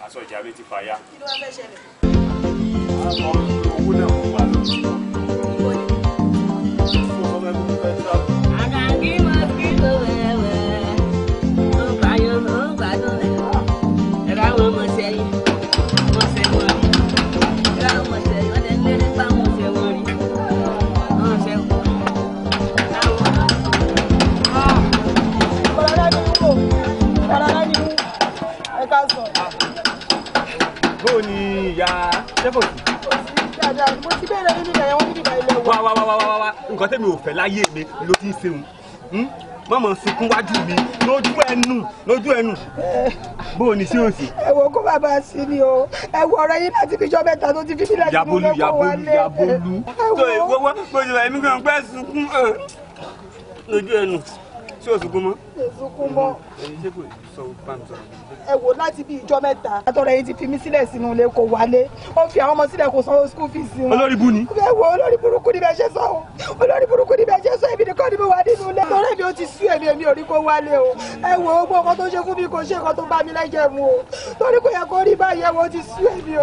Speaker 1: aṣọ ìjà mi ti fàya. kí ló wá fẹ́ ṣẹlẹ̀. àwọn owó náà mo ti bẹ̀rẹ̀ nínú ìyá wọn níbi ìbàlẹ̀ wà. wá wá wá wá wá nǹkan tẹ́mi ò fẹ́ láyé mi ló ti ń ṣeun hmm? mọ̀mọ́ sunkún wájú mi lójú ẹnu lójú ẹnu eh. bóò ní sí òsì. ẹ wo kó bàbá sí ni o ẹ wo ọ̀rọ̀ yín láti fi jọ́ mẹ́ta tó ti fi sílẹ̀ nínú lọ́kọ̀ wa lé. yabolu yabolu yabolu. tó ìwọ wá bó ti ẹ̀mí kan pẹ́ sunkún eh. lójú ẹnu sí òsùnkún mọ́. òsùnkún mọ́ ẹ wò láti bí ìjọ mẹ́ta. àtọ̀rọ̀ yìí ti fi mí sílẹ̀ sínú ilé kò wálé ó fi àwọn ọmọ sílẹ̀ kò sanwó school fees wọn. olórí bu ni. ẹ wo olórí burúkú ni bẹ ṣe sọ o olórí burúkú ni bẹ ṣe sọ èmi nìkan ni mo wà nínú ilé. lọ́rẹ́ mi ó ti sú èmi èmi ò kó wálé o ẹ wo owó ọkọ tó ṣe fún mi kò ṣe nǹkan tó bá mi lẹ́jẹ̀ mu o torí kò yẹ kó rí báyìí ẹ wo ti sú èmi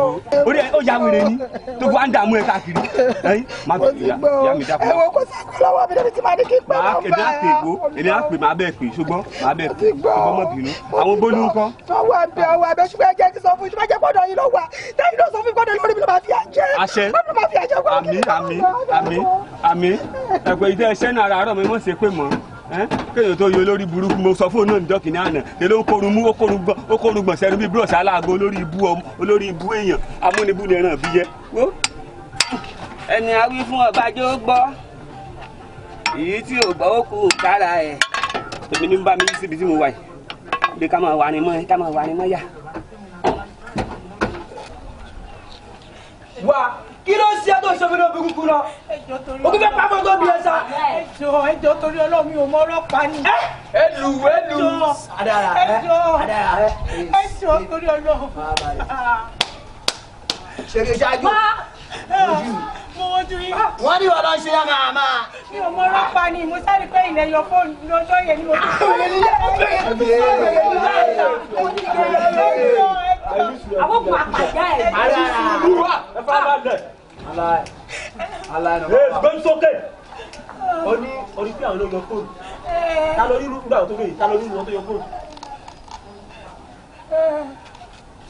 Speaker 1: o àwọn bólú kọ́. ọwọ́ abẹ ọwọ́ abẹ ṣùgbọ́n ẹjẹ ti sọ fún ṣùgbọ́n ẹjẹ gbọ́dọ̀ yìí ló wà tẹ́yìn náà sọ fún gbọ́dọ̀ lórí mi ló máa fi àjẹ. àṣẹ àmì àmì àmì àmì ẹ̀pẹ̀ ìdẹ́ ẹṣẹ́ náà ara àárọ̀ mi mọ̀ ṣe pé mọ́ kéèyàn tó yọ olórí burúkú mo sọ fóònù náà dọ́kì ní àná èló okoru mú okoru gbọ̀n sẹ́nu bíi bros aláàgọ́ olórí ibú olórí ibú èèyàn amúnibú lè ràn bí yẹ. ẹni awí fún ọbàjọ́ gbọ́ èyí tí ò gbọ́ ó kú kára ẹ̀ tèmi ní bá mi yí síbi tí mo wà yìí bí ká máa wà ní mọ́ ká máa wà ní mọ́ yà. wà kí ló ń ṣe àtọ̀ ìṣòfin náà burúkú náà
Speaker 2: òkú fẹ́ pàmò tó bí ẹ sá.
Speaker 1: ẹjọ ẹjọ torí ọlọ́mi ò mọ ọlọ́pàá ni. ẹ lù ẹ lù adara ẹ adara ẹ ẹjọ torí ọlọ́mi. ṣèrè ṣáájú. Ah, mo ah, wọ́n ní wọ́n lọ ṣe é máa máa. mi ò mọ ọlọ́pàá ni mo sáré pé ilẹ̀ yọ fóònù lọ́jọ́ yẹn ni mo fi kọ́ ẹ̀ ẹ̀ àwọn kò àpàjá ẹ̀. ara wúwa ẹ fà bá lẹ. ala ala ẹ nà. gbẹ́mí sókè ó ní orí pé àwọn ló yọ fóònù eh. ta ló yúru nígbà tó bẹ̀rẹ̀ ta ló yúru wọn tó yọ fóònù eh.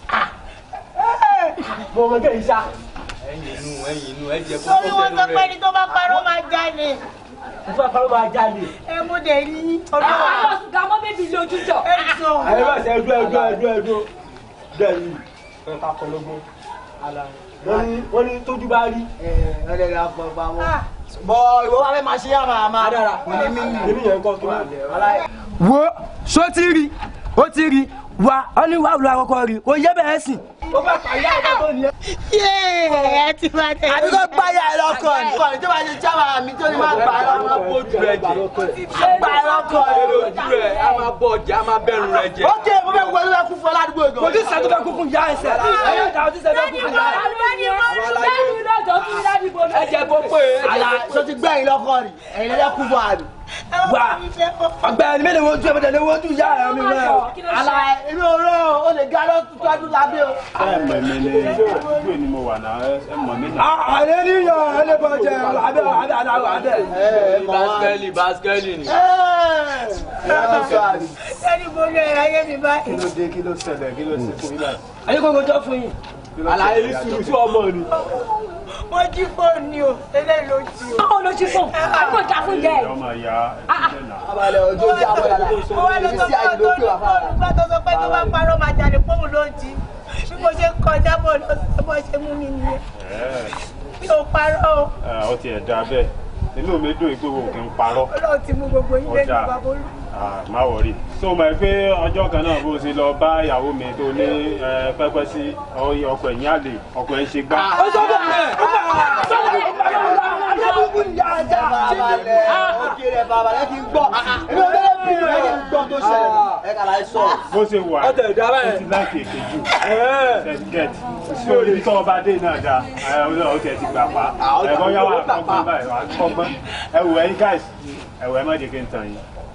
Speaker 1: Ah. Eh. mo mọ kẹ́ ìṣá ẹ̀yìn inú ẹ̀yìn inú ẹ jẹ kó tó tẹnu rẹ. sórí wọn tó pẹ́ ni tó bá parọ́ máa jalè. tó bá parọ́ máa jalè. ẹ mú dé ah, ah, ní ọdún wa. àwọn ọ̀gá mọ́ bèbí lójú jọ. ẹ sọ. àyè bá ṣe ẹdú ẹdú ẹdú ẹdú dẹ̀yìn ẹ̀ka kọlọ́gbọ́. wọ́n ní tójú bá rí. ẹ ẹ lẹ́yìn àpọ̀pọ̀ àwọn. Ah. bọ̀ ìwọ wa fẹ́ máa ṣe yàrá àmà. adára kò èmi yẹn kọ́ tó wo sotiri o ti ri wa ọ ní wàhùn lọ akọkọ rí o yẹ bẹ́ẹ̀ sìn o bá pàyà ẹ̀ lọ́kọ̀ ni ẹ. yéè ẹ ti máa tẹ̀. àbí kò gbáyà ẹ lọ́kọ̀ ni kò ní tó bá ṣe jáwà mi tó ní máa gbà ẹ lọ́kọ̀. ó ju rẹ jẹ gbà ẹ lọ́kọ̀ ni. ojú rẹ a máa bọ ọjà a máa bẹ̀rù rẹ jẹ. ókè mo bẹ wọlé bẹ kú fún aládùúgbò gan. mo ti sẹ tó bẹ kú fún ìyá ẹsẹ. ẹ jẹ gbọ́ pé. àlà sọ ti gbẹ̀yìn lọ́kọ̀ rí ẹ̀yin lẹ́yìn kú wa ọgbẹni mi ni wo tu ẹmọdé ni wo tu ya ẹ mi wẹ ala inú oró o lè ga lọ tuntun adúlọ abẹ o. ẹ mọ mi ni tu ni mo wà náà ẹ mọ mi náà. a ah, yẹ ni yọ ẹ lè bọ jẹ abẹ abẹ abẹ abẹ. basikẹli basikẹli ni. ẹni mo yẹ ayé mi báyìí. kí ló dé kí ló ṣẹlẹ̀ kí ló ṣe fún yín ayé kò gbọdọ̀ fún yín àlàyé ní sùúrù sí ọmọ ni. mo jí fóònù ni o eléyìí ló jí o. báwo ló jí fóònù a kò já fún jẹ ẹ. Ah, ah. abalẹ̀ ọjọ́ tí àwọn yàrá ìrísí àyè ló pè wá fún wa. bá tó sọ pé tó bá parọ́ máa jalè fóònù ló jí bí mo ṣe kọjá bọ̀ lọ sí bó ṣe mú mi nìyẹn. mi ò parọ́ o. ó ti ẹ̀ dá bẹ́ẹ̀ inú mi dùn ìgbéwò kì í parọ́. ọlọ́run ti mú gbogbo ilé ní babolú má wọrí so mọ̀ pé ọjọ́ kan náà bó ṣe lọ bá ìyàwó mi tó ní pẹ́pẹ́ sí ọkọ̀ ẹ̀yìn àlè ọkọ̀ ẹ̀ ṣe gbá. ó sọ fún mi ó sọ fún mi alábùkù ní ajá ṣe ṣe òkè rẹ̀ bàbá rẹ̀ kì í gbọ́ èmi ò lè bí rẹ̀ kì í gbọ́ tó ṣẹlẹ̀ ẹ̀ kàlà ẹ̀ sọ. bó ṣe wà ó ti láti èké jù ṣẹ̀gẹ̀t sí orí tí ọba dé náà dá ó ti ẹ̀ ti gbà pa ẹ̀gbọ́n yà wà kọ́gbọ́n báyìí wà kọ́gbọ́n ẹ̀wù ẹ̀yìn káàsì ẹ̀wù ẹ̀ má dé kí n tàn yín.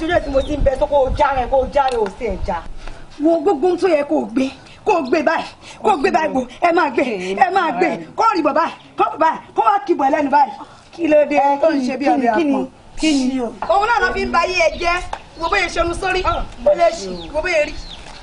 Speaker 1: láti ilé tí mo ti ń bẹ tó kó o járe kó o járe ò sí ẹja. wo gbogbo ohun tó yẹ kó o gbé kó o gbé báyìí kó o gbé báyìí gbò ẹ máa gbé ẹ máa gbé kó o rí bọ̀ báyìí kó o báyìí kó wá kìbọ̀ ẹlẹ́nu báyìí. kí ló dé tó ń ṣe bí ọ̀rẹ́ àpọ̀ kí ni òun náà ló fi ń ba ayé ẹ jẹ́ wo bóyá ṣẹnu sórí ah, wo lè ṣì wo bóyá rí.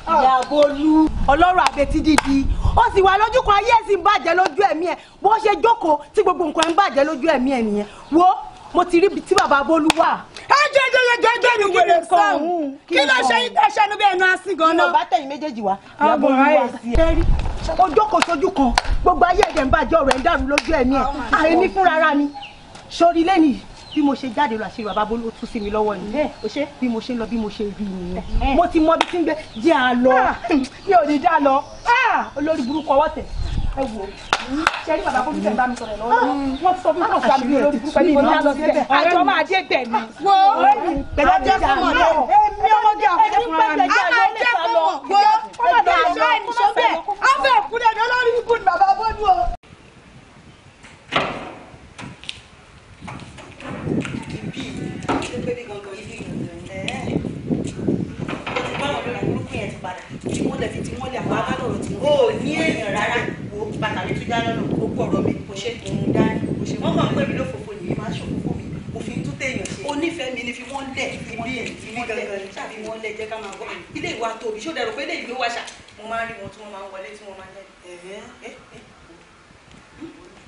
Speaker 1: Ah. Ìyàbọ̀lú ọlọ́run àbẹ̀tí dídí ó sì wà lójú kan ayé ẹ̀sìn bàjẹ́ lójú ẹ̀mí ẹ̀ bó ṣe jókòó tí gbogbo nǹkan ẹ̀ ń bàjẹ́ lójú ẹ̀mí ẹ̀ nìyẹn wo mo ti rí ibi tí bàbá Bólú wà ẹ jẹ́ jẹ́ jẹ́ jẹ́ wèrè sọ́hún kí ló ṣe ẹṣẹ́ níbi ẹnu asín gan náà. mi ò bá méjèèjì wá lábọ̀ mi wá sí ẹ ojú kò sojú kan gbogbo ayé ẹ̀jẹ̀ ń bàjẹ́ ọ̀rọ̀ ẹ̀ ń dàrú lójú ẹ̀mí ẹ̀ àìní fúnra ara mi sórí lẹ́nìí bí mo ṣe jáde lọ àṣírí bàbá bolo tú sí mi lọ́wọ́ ni bí mo ṣe ń lọ bí mo ṣe rí nìyẹn mo ti mọ ibi tí ń gbé jẹ́ àlọ́ ah! mi ò ní dá lọ ah! olórí burúkú ọwọ́ tẹ̀ ẹ wò ó ṣẹ́rí bàbá kó nígbà bá bàtà mi tún já lọ́nà ó kọ̀ ọ̀rọ̀ mi kò ṣe kò ń dání kò ṣe wọ́n kàn pé mi ló fòfò nìyí má ṣòfò mi òfin tún téèyàn ṣe. onífẹ̀ẹ́ mi ni fi wọ́n lẹ̀ fi wọ́n fi wọ́n lẹ̀ ṣàfi wọ́n lẹ̀ jẹ́ ká máa gbọ́ ilé ìwà tóbi ṣó dẹrù pé ilé ìlú wàṣà mo máa ń rí wọn tí wọ́n máa ń wọlé tí wọ́n máa ń jáde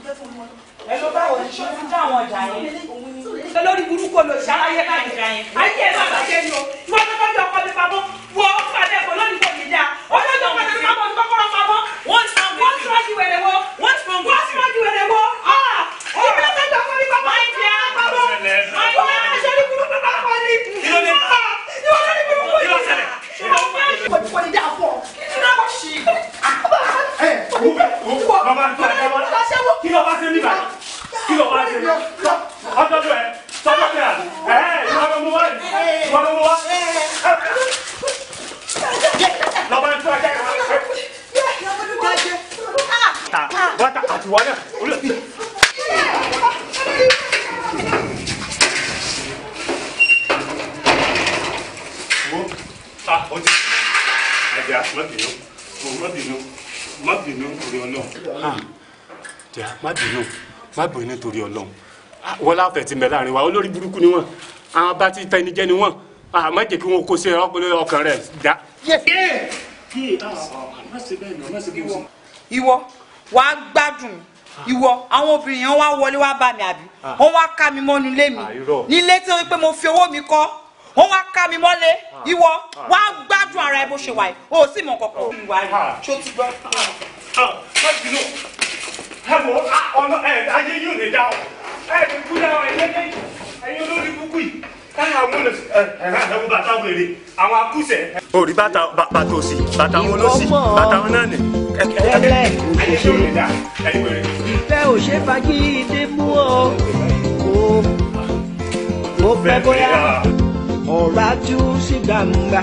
Speaker 1: ẹ ló bá wọ̀ ṣe ti dá àwọn ọjà yẹn ṣe lórí burúkú olóṣì aláyé ká ìjà yẹn ayé ẹ má bàjẹ́ ni o mo ní kọjú ọkọ mi pamọ́ wọ ọkọ àti ẹ̀kọ́ lónìí kò ní dá ọlọ́jọ́ ọkọ mi pamọ́ ní kọ́kọ́rọ́ pamọ́ wọ́n ti fọ́n wọ́n ti fọ́n ju wẹ̀rẹ̀ wọ́ wọ́n ti fọ́n wọ́n ti fọ́n ju wẹ̀rẹ̀ wọ́ ah ibi ọ̀sẹ̀ jọ ọkọ mi pamọ́ ìjà pamọ́ ayé ṣe ní burúkú pamọ́ ni
Speaker 2: ìwọ lórí burúkú
Speaker 1: yìí mú bẹ mú bàbá ń tẹ ẹ wọlé kí ló bá ṣe níbà kí ló bá ṣe níbà ọjọ́ tó ẹ tọ́jú tẹ ẹ ẹ ìwà ló mú wá ìwà ló mú wá lọ́ba ń tẹ ẹ ta wata àti wọlé olóòtú. Ah, onde? É graça,
Speaker 3: bínú torí ọlọ́run. má bínú má bínú torí ọlọ́run ah, wọ́n láfẹ̀ẹ́ ti mẹ́ láàrin wa olórí burúkú ni wọ́n àwọn bá ti tẹni jẹ́ ni wọ́n àmọ́ ah, jẹ́ kí wọ́n kó sí ọpọlọ ọkàn rẹ̀ dá.
Speaker 1: Ah, ìwọ wà á gbádùn ìwọ àwọn obìnrin yẹn wá wọlé wá bá mi àbí wọn wá ká mi mọ́nu lé mi nílé tí wọ́n pé mo fi owó mi kọ́ wọn wá ká mi mọ́lé ìwọ wá gbádùn ara ẹ bó ṣe wà yìí o sì mọ kọ̀ọ̀kan ìwà yìí tó ti má bínú ẹ bọ ọ̀nà ẹ ayé yóò lè dá o ẹ ti kú dá o ẹ yẹ ẹyin olórí kúkú yìí táyà àwọn ọ̀nà ẹ ẹ àtàwọn bàtà wèrè àwọn akúṣẹ. orí bàtà bàtà òsì bàtà wọn lọsì bàtà wọn náà nì. ẹlẹ́ ayé yóò lè dá ẹ wẹ̀rẹ̀. ìfẹ́ ò ṣe fagídé mú ọ o mo fẹ́ bóyá ọ̀rá tú sí gbangba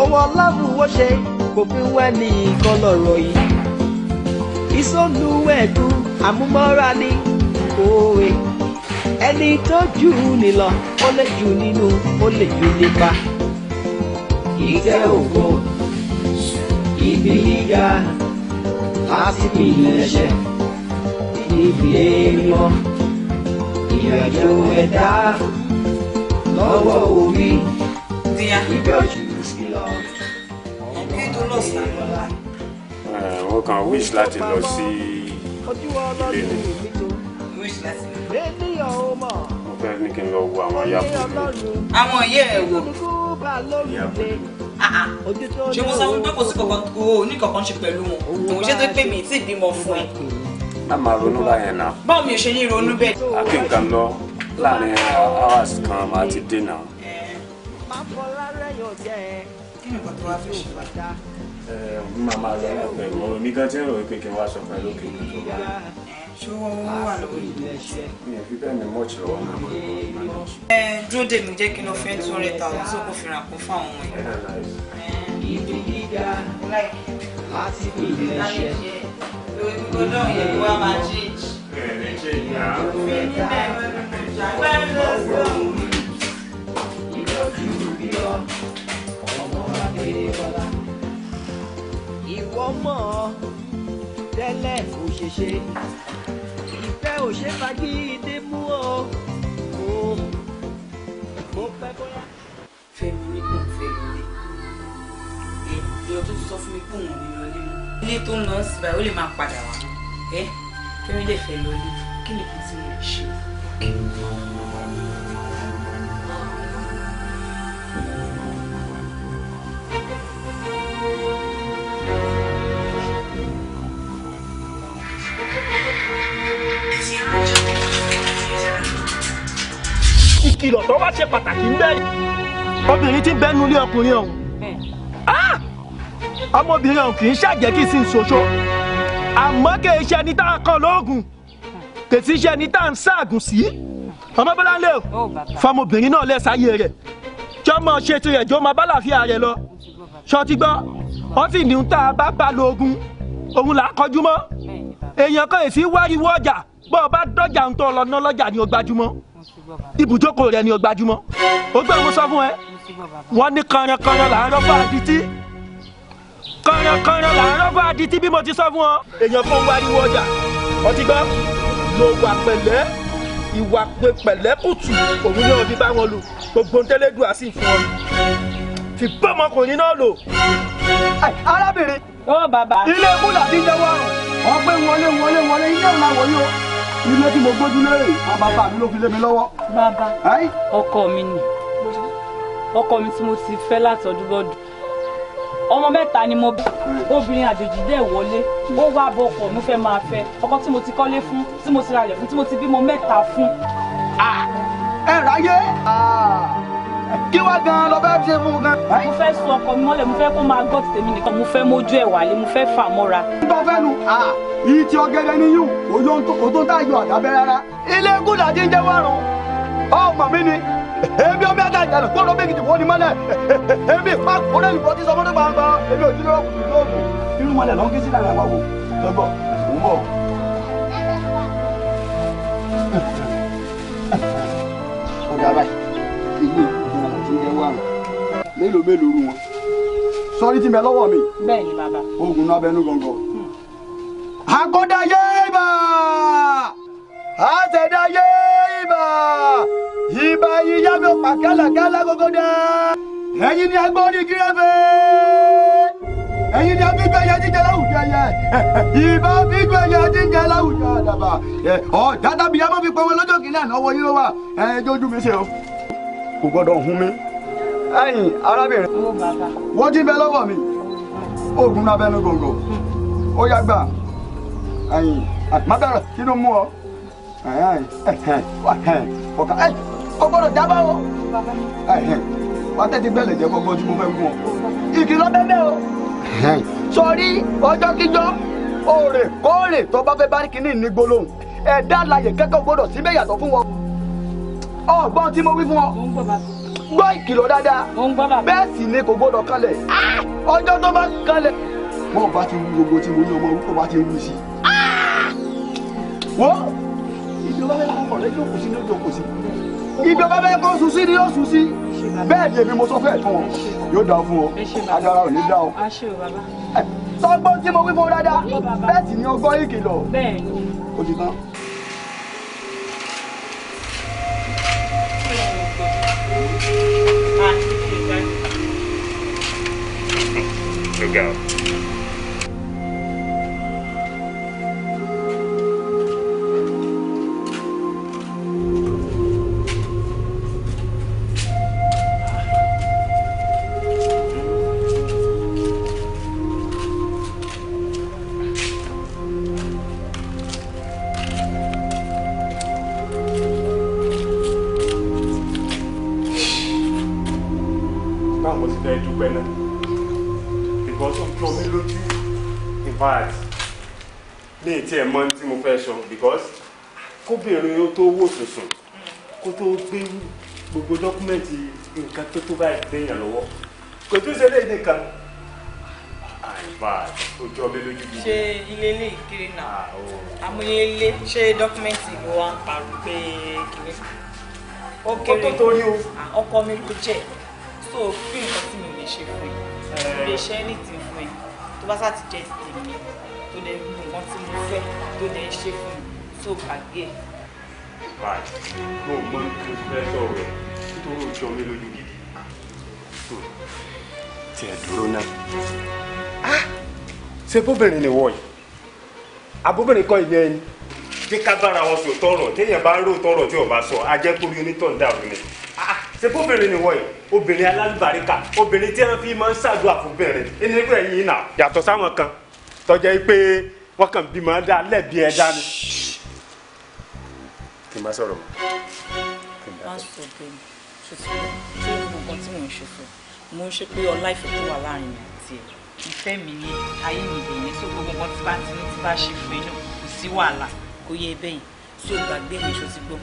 Speaker 1: owó ọlọ́run ó ṣe òpin wẹ́ ní nǹkan lọ̀rọ̀ yìí ìsọ̀lùwẹ̀dùn àmúmọ́ra ní òwe ẹni tó jù ní lọ ó lè jù nínú ó lè jù nípa. ìtẹ́ ògo ibi gíga lásìkò ìlẹ̀ṣẹ̀ ibi èèmọ̀ ìrìnàjò ẹ̀dá lọ́wọ́ orí ìjọ́jú sí lọ mo eh, kàn wish láti lọ sí ilé ni mo fẹ́ ní kí n lọ wo àwọn yàgò mi. àwọn ìyá ẹ̀ wò ah, ah. ṣé mo sọ pé kò sí kankan kò ní kankan ṣe pẹ̀lú wọn òun ṣe tó pè mí tí ìbímọ fún ẹ.
Speaker 3: má máa ronú báyẹn náà. báwo mi ò ṣe ní ronú bẹ́ẹ̀. akínkan lọ láàrin hours kan máa ti dènà. Eh.
Speaker 1: kí ni nǹkan wá fi ṣe máa máa lọ náà pẹ̀lú ọ̀rọ̀ mi gan tí ń rò wípé kí n wá sọ pẹ̀lú òkè kí n tó bá lọ. ṣé wọ́n ń wà lórí ilé iṣẹ́. mi fi bẹ́ẹ̀ ní mọ́ọ̀tì lọ́wọ́ náà pẹ̀lú ọ̀rọ̀ mi. ẹ dúró dè mí jẹ́ kí n lọ fẹ́ two hundred thousand so kò fi ràn kó fún àwọn ọmọ yìí. ibi gíga láti fi ilé iṣẹ́. lórí gbogbo náà yẹ kó wá máa change. bẹ̀rẹ̀ ṣe ìyá òfin níbẹ̀ ṣàgbẹ́rẹ́ lọ́sọ̀ọ́. ìlú òkè ìwọ mọ̀ ọ́ tẹ́lẹ̀ kò ṣe ṣe ìfẹ́ ò ṣe fagídé mú o mo pẹ́ bóyá. fẹ́mi ní kò fẹ́mi ní èèyàn tó ti sọ fún mi pé òun ò ní lọ lé mọ́ ilé tó ń lọ sí báyìí ó lè máa padà wá ẹ fẹ́mi lè fẹ́ lọ lé kí ni kò tí mo lè ṣe. ìkìlọ̀ tó wá ṣe pàtàkì ń bẹ́ obìnrin tí ń bẹ́nu lé ọkùnrin ọ̀hún ah! ọmọbìnrin ọ̀hún kì í ṣàjẹ́ kí sì ń ṣoṣo àmọ́ kì í ṣe ẹni tá a kọ́ lóògùn kì í ṣe ẹni tá a ń ṣaàgùn sí ọmọ bọ́lá ń lè fọmọbìnrin náà lẹ́sàáyé rẹ̀ tí ọmọ ṣe tirẹ̀ jó máa bá làáfíà rẹ̀ lọ ṣọtí gbọ́ wọ́n sì ní tá a bá bá lóògùn òun là á kọjú mọ́ èèyàn kan èsì wáriwọ́ ọjà bọ́ ọ bá dọ́jà ń tọ́ lọ ná lọ́jà ni ó gbajúmọ̀ ibùjókòó rẹ ni ó gbajúmọ̀ ó gbé wọn sọ fún ẹ wọn ní kanrankanran là ń rọ́pò àdìtí kanrankanran là ń rọ́pò àdìtí bí mo ti sọ fún ọ. èèyàn kan wáriwo ọjà ọtí gbọ́ lo wà pẹ̀lẹ́ ìwà pẹ̀lẹ́ kùtù òun ni òbí bá wọn lò gbogbo ntẹ́lẹ́dùn àti ìfún ọ fi bọ́mọkùnrin náà lò. arábìnrin. ó bàbá. ilé kúlà ti jẹ́ wọ́n.
Speaker 2: wọ́n pé wọlé wọlé wọlé ilé ìlà wọlé
Speaker 1: o ilé tí mo gbójú lé rèé àwọn bàbá mi ló fi lé mi lọ́wọ́. bàbá ọkọ mi ni ọkọ mi tí mo ti fẹ́ láti ọdún bọ́dún ọmọ mẹ́ta ni mo bí obìnrin àjèjì dẹ̀ wọlé ó wá bọ ọkọ mi fẹ́ máa fẹ́ ọkọ tí mo ti kọ́lé fún tí mo ti ralẹ̀ fún tí mo ti bímọ mẹ́ta fún. Ah! ẹ ráyé. Ah! kí wá gan-an lọ bẹ́ẹ̀ ṣe mú gan. mo fẹ́ sọ ọkọ mi mọ́lẹ̀ mo fẹ́ kó máa gọ́ tèmi nìkan mo fẹ́ mójú ẹ̀ wálé mo fẹ́ fà mọ́ra. tó fẹ́ nu yìí ti ọ̀gẹ̀dẹ̀ ni yìí kò tó ń tàyò àdábẹ́ rárá ilé gúdà ti ń jẹ́ wárùn ọmọ mi ni ebi ọbẹ̀ ẹ̀ta ìjà lọ́kọ́ lọ́bẹ̀ gidi wọ́n ni mọ́lẹ̀ ebi ìpá kúrẹ́ ti sọ fún ebi òjú mélòó mélòó ru wọn sọrí ti mẹ lọ́wọ́ mi. bẹ́ẹ̀ ni bàbá. oògùn náà bẹnu gọ̀ǹgọ̀. Hmm. àkọ́dáyé ibà àtẹ̀dáyé ibà ibà yìí yàgò pa kálàkálà gógó dá ẹ̀yin ni agbóni gírẹ́fẹ́ ẹ̀yin ni abígbẹ́ yẹn jíjẹ láwùjọ ẹ̀yẹ ìbá abígbẹ́ yẹn jíjẹ láwùjọ àdàbà ọ̀ dáadáa bìyà má fi pẹ́ wọn lọ́jọ́ kìnìún àná ọwọ́ yín ló wà ẹ̀ẹ́dójú mi ṣe o kò gbọ́dọ̀ hun mi ẹ̀yin arábìnrin wọ́n ti bẹ lọ́wọ́ mi oògùn náà bẹnu gbòǹgbò ó yá gbà ẹ̀yin má bẹ̀rẹ̀ kí ló mú ọ ọkà ẹ o gbọ́dọ̀ jábọ̀ o wà á tẹ́tí gbẹ́lẹ̀ jẹ́ gbogbo tí mo fẹ́ gún ọ ìkìlọ̀ bẹ́ẹ̀ o sọrí ọjọ́kíjọ́ òrèkóòrè tó bá fẹ́ bá kínní ní gbólóhùn ẹ̀dá láyè kẹ́kọ̀ọ́ gbọ́dọ̀ síbẹ̀ yàtọ̀ fún wọn ọgbọ́n tí mo wí fún ọ gbọ́ ìkìlọ̀ dáadáa bẹ́ẹ̀ sì ni kò gbọ́dọ̀ kanlẹ̀ ah! ọjọ́ tó bá kanlẹ̀ bọ́ọ̀ bá ti wú gbogbo tí mo ní ọmọ orúkọ bá ti wú sí i. Ah! wo ìjọba bẹ́ẹ̀ kọ́ ọ̀rẹ́ yóò kù sí ní ojú òkú sí ìjọba bẹ́ẹ̀ kọ́ sùn sí ni yóò sùn sí bẹ́ẹ̀ ni èmi mo sọ fẹ́ẹ̀ fún ọ yóò dáa fún ọ agbára ò ní dá ọ. sọgbọ́n tí mo wí fún dáadáa bẹ́ẹ̀ sì ni ọgbọ́n ìkìlọ̀ ó ti tán. Look out. tó wò sùnsùn kó tó gbé gbogbo dọ́kúmẹ́ǹtì nǹkan tó tó báyìí léèyàn lọ́wọ́ kò tún ṣe léyìn nìkan àìbá ojú ọbẹ lójú mi. ṣé ilé ilé ìkiri náà ah, amúyélé ṣé dọ́kúmẹ́ǹtì ló wá ń parọ́ pé kìíní. ó kéré ó tó torí o. Ah, ọkọ mi ló jẹ so fi nǹkan tí mi lè ṣe fún yìí mi lè ṣe anything fún yìí tó bá sáà ti jẹ tèmi tó dẹ nǹkan tí mo fẹ́ tó dẹ ṣe fún mi So gbàgbé báyìí mo mọ nǹkan fẹ́ sọ̀rọ̀ ẹ̀ nítorí ó jọ mi lójú gidi tí ẹ dúró náà ṣe bóbìnrin ni wọ yìí abóbìnrin kan ìyẹn ni bí ká bára wọn sọ tọrọ téèyàn bá ń rò tọrọ tí ò bá sọ ajẹkùnrin onítàn dàrú ni ah, ah, ṣe bóbìnrin ni wọ yìí obìnrin alálùbáríkà obìnrin tí wọn fi máa ń ṣàdúrà fún bẹ̀rẹ̀ ẹni nígbà yìí nà yàtọ̀ sáwọn kan tọjá yìí pé wọn kàn bímọ dá lẹ́bi ẹ dání kí n má sọ̀rọ̀ mọ́. one school game ṣùgbọ́n tí mo nǹkan tí mò ń ṣe fún mo ń ṣe pé ọlá ìfẹ́ tó wà láàrin mi àti ẹ̀ ìfẹ́ mi ni ayé mi dè ní sóko gbogbo tí bá ti ní tí bá ṣe fún inú kò sí wàhálà kò yẹ bẹ́yìn tí o gbàgbé mi ṣo ti gbọ́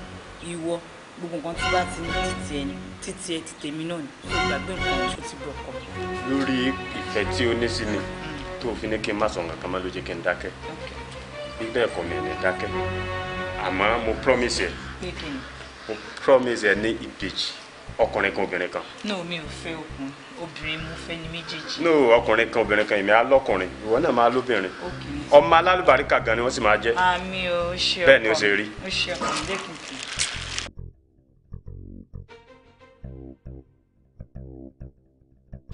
Speaker 1: ìwọ gbogbo nǹkan tí bá ti ní títí ẹni títí ẹ ti tèmi náà ni
Speaker 3: tí o gbàgbé nǹkan mi ṣo ti gbọ́ ọkọ.
Speaker 1: lórí ìfẹ́ tí ó ní sí ni mm. tó fi ní kí n má sọ nǹkan kan má ló jẹ́ kí n dákẹ́ nígbà ẹ̀kọ́ mi ẹ̀ dákẹ́ àmọ́ mo promise ẹ mo promise ẹ ní ìbejì ọkùnrin kan obìnrin kan. no mi ò fẹ́ okun obìnrin mo fẹ́ ní méjèèjì. no ọkùnrin kan obìnrin kan èmi á lọ́kùnrin ìwọ náà máa lóbìnrin ọmọ alálùbáríkà gan ni wọ́n sì máa jẹ́. àmì ah, o ṣe ọkọ bẹ́ẹ̀ ni o ṣe rí. o ṣe ọkọ mi lẹ́kìtì.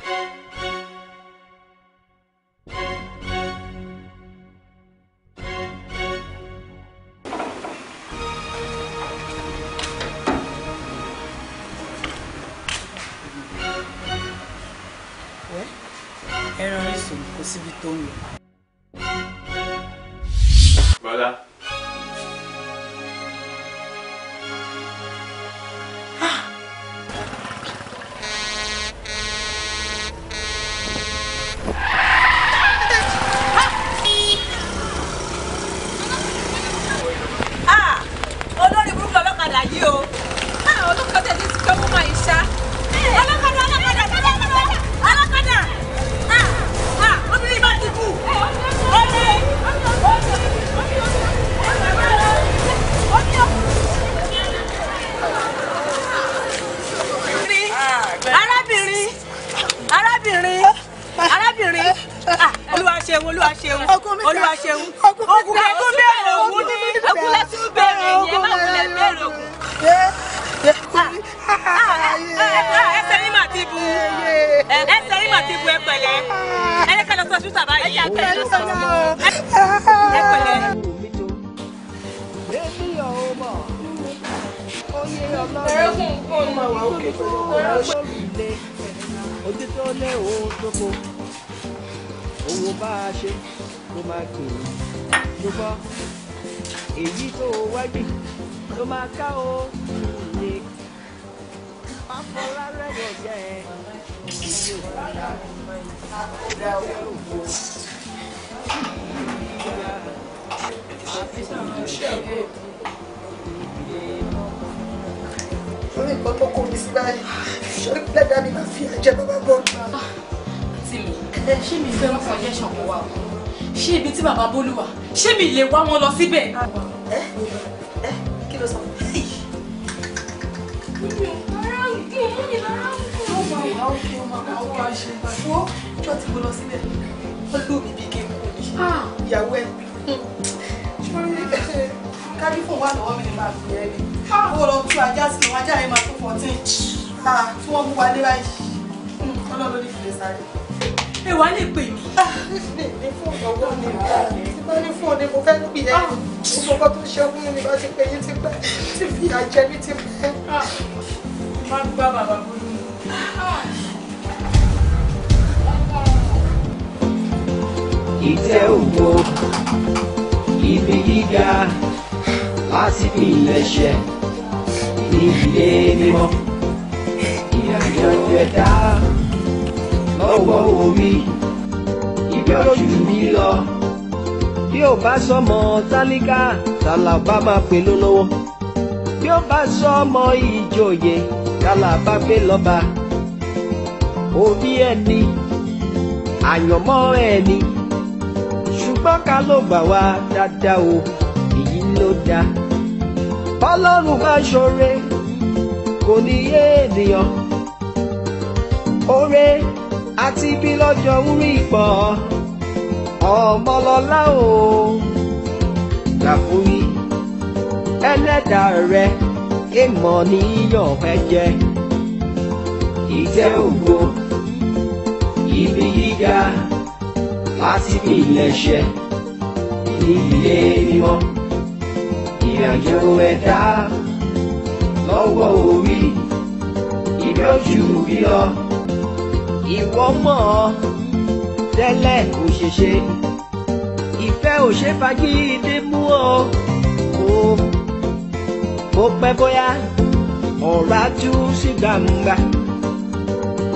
Speaker 1: thank you Heroisun, Kosibitomi. Vai lá. ṣé mi fẹ́ wọ́n suggestion kò wá o ṣé ibi tí bàbá Bólú wà ṣé mi lè wá wọn lọ síbẹ̀. ẹ ẹ kí ló sọ. ọjọ́ tí mo lọ síbẹ̀ ọlọ́ mi bí géèmù kò ní ah! ìyàwó ẹ̀ ṣọ́rí kábífò wà lọ́wọ́ mi ní máa fi ẹ́ ni ah! ó lọ tú ajá sí ìwọ̀n ajá yẹn máa tó fourteen ah! tí wọ́n bú wa dé báyìí hmm, ọlọ́run ló ní fìlẹ̀ sáré ẹ wàá lè pè mí. Ah, ní fóònù ọwọ́ mi rà ní bá ní fóònù ni mo fẹ́ pè é gbogbo ah. tó ṣe ọkùnrin mi bá ti pè yín ti pẹ́ ti fi àjẹ mi ti pẹ́. Ah. má gbá bàbá bóyá. ìtẹ́ òwò ibi gíga láti fi ilẹ̀ ṣẹ ìdílé mímọ́ ìrìnàjò ẹ̀dá ọwọ́ omi ibi ojú mi lọ. bí ó bá sọmọ tálíkà tàlà bá máa pè lólówó. bí ó bá sọmọ ìjòyè tàlà bá pè lọ́ba. òbí ẹni àyànmọ́ ẹni ṣùgbọ́n ká ló gbà wá dáadáa o èyí ló dáa. ọlọ́run máa ṣoore kò ní yé ènìyàn. oore àti bí lọ́jọ́ ń rí pọ̀ ọmọlọ́lá o làkúrí ẹlẹ́dàá rẹ èèmọ̀ níyọ̀ ẹ jẹ ìtẹ́ ògo ibi gíga láti bí ilẹ̀ṣẹ̀ nílé mímọ́ ìrìnàjò ẹ̀dá lọ́wọ́ orí ìbí ojú bí lọ ìwọ mọ̀ ọ́ tẹ́lẹ̀ kò ṣe ṣe ìfẹ́ ò ṣe fagídé mú ọ́ o bó pẹ́ bóyá ọ̀rá tú sí gbangba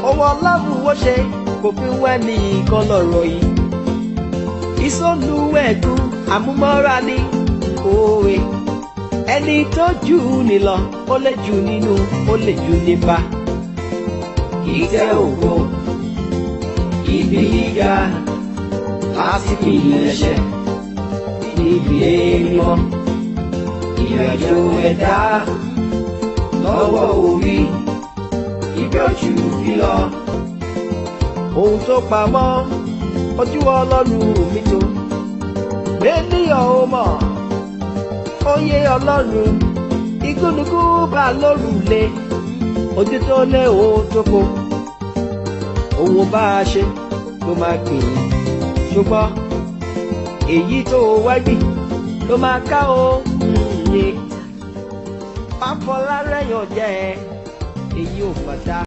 Speaker 1: ọwọ́ ọlọ́run ó ṣe kò fi wá ní nǹkan lọ́rọ̀ yìí ìsọ̀lùwẹ̀gùn àmúmọ́ra ni òwe ẹni tó jù ní lọ ó lè jù nínú ó lè jù nípa ìtẹ́ ògo ìgbéyíga lásìkò
Speaker 2: ìrẹsẹ̀ ìgbé
Speaker 1: mímọ́ ìrẹ̀jọ ẹ̀dá lọ́wọ́ orí ìgbẹ́jù ìlọ. ohun tó pamọ́ ojú ọlọ́run mi rum rédíò ó mọ̀ oyè ọlọ́run igúnnugún bá lórùlé ojú tó lé ohun tó kọ ohun bá a ṣe ló máa pè é ṣùgbọ́n èyí tó o wá gbìn ló máa ká o hmm, yìnyín pápọ̀ lárẹ́yàn jẹ́ èyí ò fàtà.